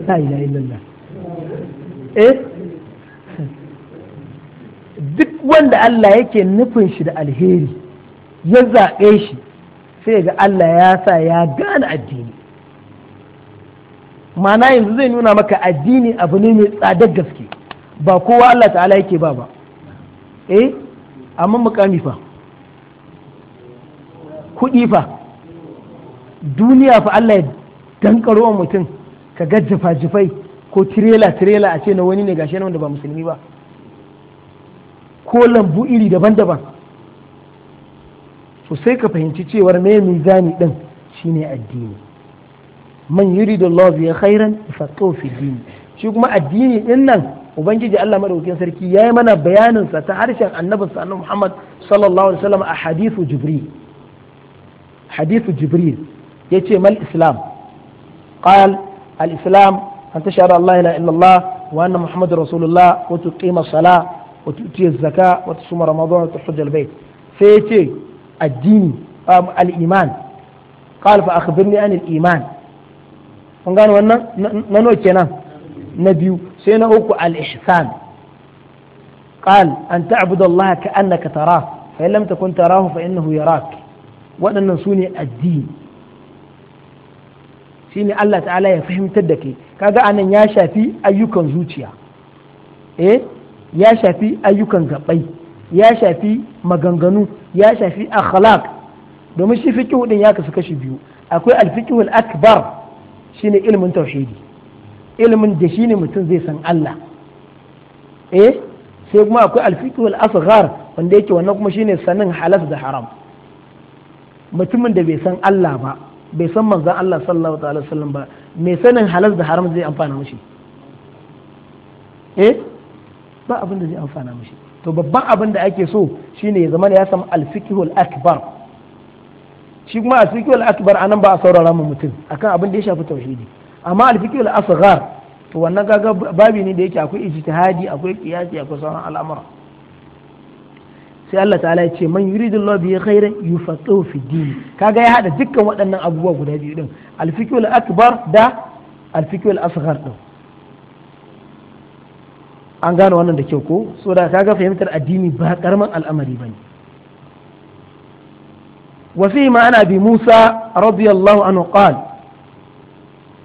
la yi eh duk wanda Allah yake nufin shi da alheri ya zaɓe shi sai ga Allah ya sa ya gane addini mana yanzu zai nuna maka addini abu ne mai tsadar gaske ba kowa Allah ta'ala yake ba ba eh amma mukami fa kuɗi fa duniya fa Allah ya dankaro wa mutum ka ga jifa-jifai ko tirela-tirela a ce na wani ne gashi na wanda ba musulmi ba ko lambu iri daban-daban so sai ka fahimci cewar mai mizani din shine addini man yuridullahu ya khairan yafaqahu fi din shi kuma addini din nan ubangiji Allah madaukakin sarki yayi mana bayanin sa ta harshen annabin sa annabi Muhammad sallallahu alaihi wasallam a hadithu jibril hadithu jibril yace mal islam qal al islam an tashhadu an la ilaha allah wa anna muhammadar rasulullah wa tuqima sala salah wa tu'ti az-zakah wa tusuma ramadan wa tuhajja al-bayt sai yace addini um, al-iman qal fa akhbirni an al-iman kun gano wannan na nawa kenan na biyu sai na uku al-ihsan qal an ta'budu Allah ka annaka ka fa in lam takun tarahu fa innahu yarak waɗannan sune addini shine Allah ta'ala ya fahimtar da kai kaga anan ya shafi ayyukan zuciya eh ya shafi ayyukan gabai ya shafi maganganu ya shafi akhlaq domin shi fiqhu din ya kasu kashi biyu akwai al-fiqhu al-akbar shine ilimin tauhidi ilimin da shine mutum zai san Allah eh sai kuma akwai alfiqh wal asghar wanda yake wannan kuma shine sanin halas da haram mutumin da bai san Allah ba bai san manzon Allah sallallahu alaihi wasallam ba mai sanin halas da haram zai amfana mishi eh ba abin da zai amfana mishi to babban abin da ake so shine ya zama ya san alfiqh wal akbar shi kuma alfiqhu al-akbar anan ba a saurara mu mutum akan abin da ya shafi tauhidi amma alfiqhu al-asghar to wannan gaga babi ne da yake akwai ijtihadi akwai qiyasi akwai sauran al'amura sai Allah ta'ala ya ce man yuridullahu bihi khairan yufaqihu fi din kaga ya hada dukkan waɗannan abubuwa guda biyu din alfiqhu al-akbar da alfiqhu al-asghar din an gane wannan da kyau ko saboda kaga fahimtar addini ba karaman al'amari bane وفيهما عن أبي موسى رضي الله عنه قال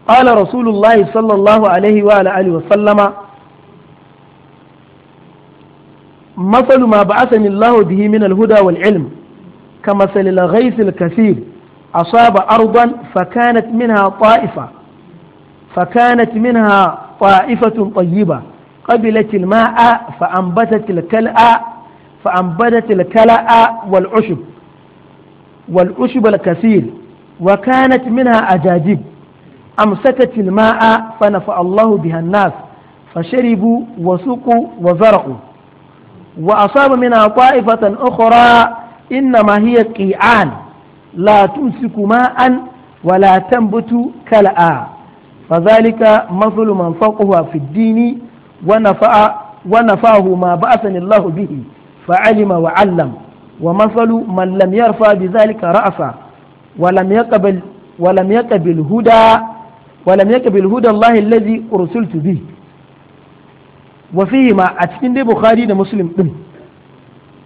قال رسول الله صلى الله عليه وعلى آله وسلم مثل ما بعثني الله به من الهدى والعلم كمثل الغيث الكثير أصاب أرضا فكانت منها طائفة فكانت منها طائفة طيبة قبلت الماء فأنبتت الكلأ فأنبتت الكلأ والعشب wal ushb al kasir wa kanat minha ajajib amsakat al ma'a fa nafa Allah biha an-nas فشربوا وسقوا وزرقوا وأصاب منها طائفة أخرى إنما هي قيعان لا تمسك ماء ولا تنبت كلأ فذلك مثل من فوقها في الدين ونفع ونفعه ما بعثني الله به فعلم وعلم wa masalu man lam yarfa bi ra'asa wa lam yaqbal wa lam yaqbil huda wa lam yaqbil ma a cikin dai Bukhari da Muslim ɗin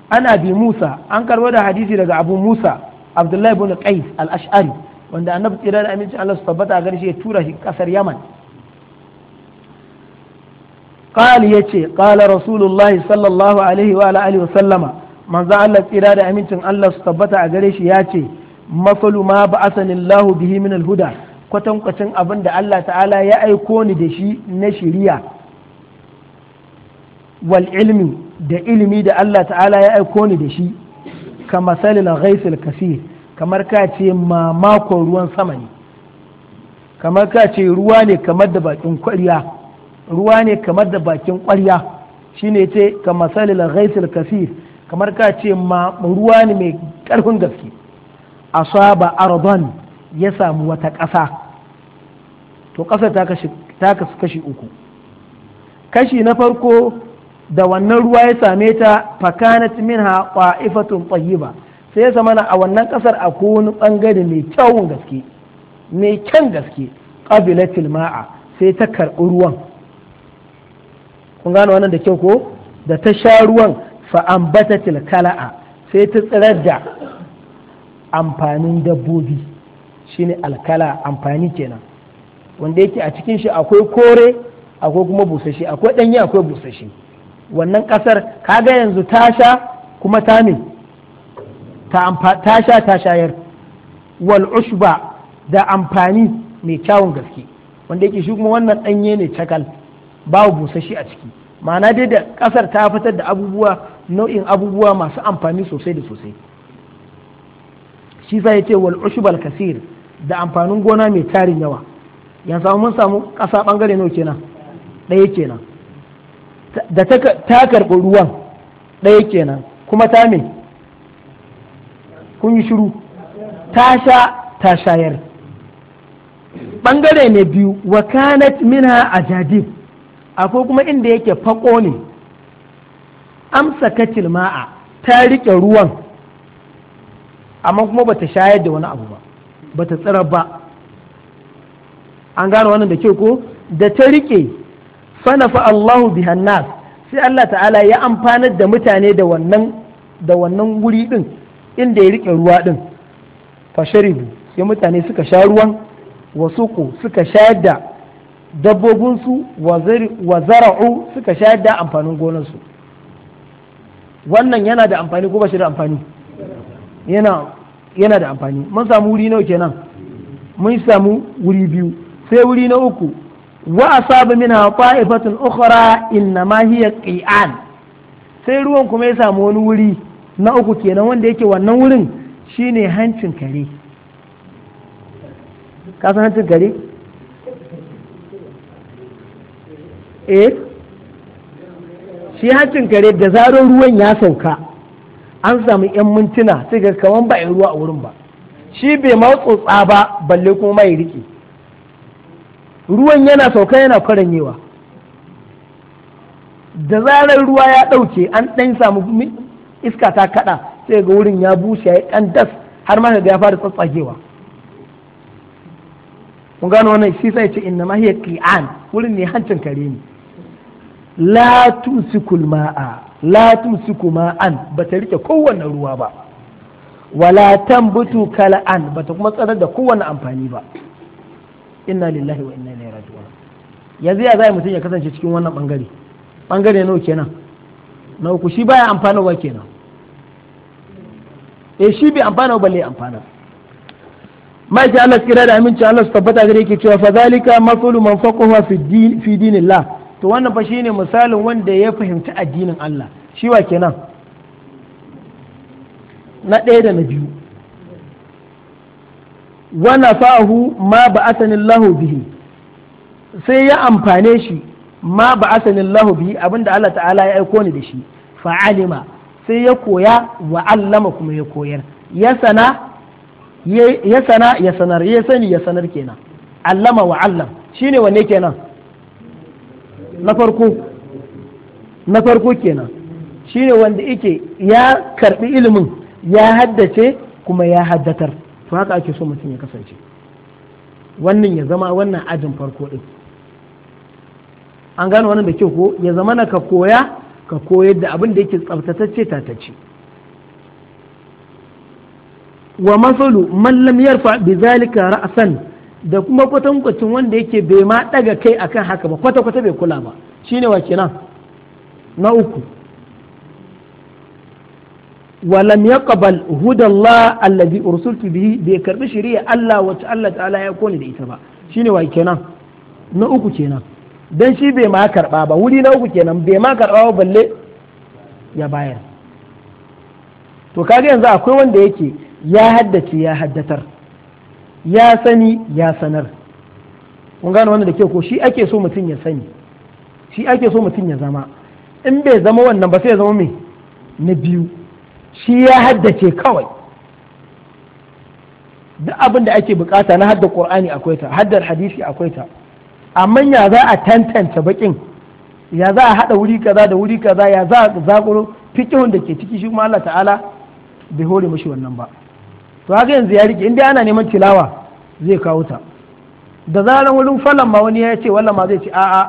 ana bi Musa an karbo da hadisi daga Abu Musa Abdullahi ibn Qais al-Ash'ari wanda annabi tsira da amincin Allah su tabbata a garshe ya tura shi kasar Yaman قال يتي قال رسول الله صلى الله manzo Allah tsira da amincin Allah su tabbata a gare shi ya ce mafalu ma ba'athanillahu bihi min alhuda kwatankwacin abin da Allah ta'ala ya aiko ni da shi na shiriya wal ilmi da ilimi da Allah ta'ala ya aiko ni da shi ka na ghaisil kasir kamar ka ce mamakon ruwan sama ne kamar ka ce ruwa ne kamar da bakin kwarya ruwa ne kamar da bakin kwarya shine ce ka masalil ghaisil kasir kamar ka ce ma ruwa ne mai ƙarfin gaske a saba ardon ya samu wata ƙasa to ƙasa ta kasu kashi uku kashi na farko da wannan ruwa ya same ta fakanat minha qa'ifatun tayyiba sai ya zama a wannan ƙasar akwai wani ɓangare mai kyawun gaske mai kyan gaske qabilatil ma'a sai ta karɓi ruwan kun gane wannan da kyau ko da ta sha ruwan fa'ambata kala'a sai ta tsirar da amfanin dabbobi shine alkala amfani kenan wanda yake a cikin shi akwai kore akwai kuma busashi akwai ɗanye akwai busashi wannan ƙasar kaga yanzu tasha kuma ta ne tasha ta shayar wal ushba da amfani mai kyawun gaske wanda yake shi kuma wannan ɗanye ne cakal babu busashi a ciki ma'ana dai da ƙasar ta fitar da abubuwa nau'in abubuwa masu amfani sosai da sosai shi ya ce wal ushbal kasir da amfanin gona mai tarin yawa Yan samu mun samu ƙasa bangare nawa kenan ɗaya kenan da ta karɓi ruwan ɗaya kenan kuma ta me kun yi shiru ta sha ta shayar Bangare ne biyu wakanat mina a jadib akwai kuma inda yake fako ne amsa katil ma'a ta riƙe ruwan amma kuma bata shayar da wani abu ba bata tsira ba an gane wannan da kyau ko da ta riƙe fanafa Allahu bihannas, hannas sai Allah ta'ala ya amfanar da mutane da wannan da wannan wuri din inda ya riƙe ruwa din fasharibu sai mutane suka sha ruwan wasuku suka shayar da dabbobinsu wa zara'u suka shayar da amfanin gonarsu wannan yana da amfani ko ba shi da amfani yana da amfani mun samu wuri nawa kenan mun samu wuri biyu sai wuri na uku wa asaba min ta'ifatun ukhra inna ma hiya qi'an sai ruwan kuma ya samu wani wuri na uku kenan wanda yake wannan wurin shine hancin kare ka san hancin kare eh shi hancin kare da zarar ruwan ya sauka an samu yan mintuna sai ga kamar ba ruwa a wurin ba shi bai ma tsotsa ba balle kuma mai rike ruwan yana sauka yana kwaranyewa da zarar ruwa ya ɗauke an ɗan samu iska ta kaɗa sai ga wurin ya bushe ya ɗan das har ma ya fara tsatsagewa mu gano wannan shi sai ce inna mahiyar qi'an wurin ne hancin kare ne la tumsikul ma'a la tumsiku ma'an ba ta rike kowanne ruwa ba wala tambutu kala'an ba ta kuma tsarar da kowanne amfani ba inna lillahi wa inna ilaihi raji'un yanzu ya zai mutum ya kasance cikin wannan bangare bangare nawa kenan na uku shi baya amfana wa kenan eh shi bai amfana ba lai amfana ma'aikin Allah tsira da aminci Allah su tabbata gare yake cewa fa zalika masalu man faqahu fi din fi dinillah to wannan fa shine misalin wanda ya fahimci addinin Allah shi wa kenan na ɗaya da na biyu wana fa'ahu ma lahu bihi sai ya amfane shi ma lahu bihi abinda Allah ta'ala ya aiko ni da shi fa'alima sai ya koya wa allama kuma ya koyar ya sana ya sanar ya sani ya sanar kenan allama wa allam shine wanne kenan na farko na farko kenan shine wanda ike ya karbi ilimin ya haddace kuma ya haddatar to haka ake so mutum ya kasance wannan ya zama wannan ajin farko din an gano wannan da kyau ko ya zama na ka koya ka koyar da abin da yake tsaftatacce tatacce wa masalu man lam yarfa bi zalika ra'san da kuma kwatankwacin wanda yake bai ma daga kai akan haka ba kwata-kwata bai kula ba ne wa kenan na uku walam yaqbal hudallah allazi ursiltu bihi bai karbi shari'a Allah wacce Allah ta'ala ya kone da ita ba ne wa kenan na uku kenan dan shi bai ma karba ba wuri na uku kenan bai ma karba ba balle ya bayar to kaga yanzu akwai wanda yake ya haddace ya haddatar ya sani ya sanar kun gane wannan da ke ko shi ake so mutum ya sani shi ake so mutum ya zama in bai zama wannan ba sai ya zama mai na biyu shi ya haddace kawai duk abin da ake bukata na haddar qur'ani akwai ta haddar hadisi akwai ta amma ya za a tantance bakin ya za a hada wuri kaza da wuri kaza ya za a zakuro fikihun da ke ciki shi kuma Allah ta'ala bai hore mashi wannan ba to haka yanzu ya rike inda ana neman tilawa zai kawo ta da zaran wurin falon ma wani ya ce wallan ma zai ce a'a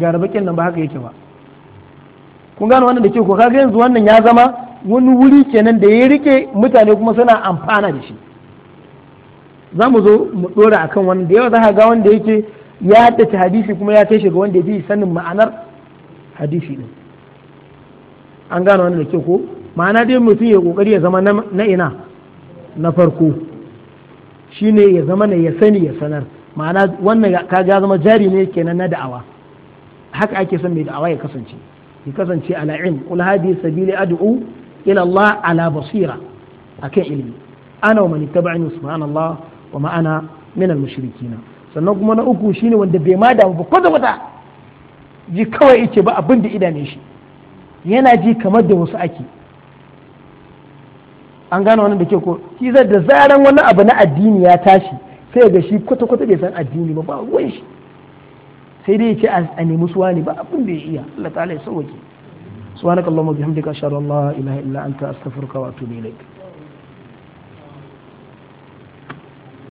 a rabakin nan ba haka yake ba kun gano wannan da ke ko kaga yanzu wannan ya zama wani wuri kenan da ya rike mutane kuma suna amfana da shi za mu zo mu dora akan wani da yawa za ka ga wanda yake ya haddace hadisi kuma ya kai shiga wanda ya fi sanin ma'anar hadisi din an gano wannan da ke ko ma'ana dai mutum ya kokari ya zama na ina na farko shine ya zama ne ya sani ya sanar ma'ana wannan kaga zama jari ne kenan na da'awa haka ake son mai da'awa ya kasance ya kasance ala ilm qul hadi sabili ad'u ila Allah ala basira akan ilimi ana wa man ittaba'ani subhanallah wa ma ana min al mushrikin sannan kuma na uku shine wanda bai ma damu ba kwata kwata ji kawai yace ba abin da idane shi yana ji kamar da wasu ake an gane wannan da ke ko shi zai da zaran wani abu na addini ya tashi sai ga shi kwata-kwata bai san addini ba ba ruwan shi sai dai ya ce a nemi suwa ne ba abin da ya iya Allah ta'ala ya sauwake subhanakallahumma bihamdika ashhadu an la ilaha illa anta astaghfiruka wa atubu ilaik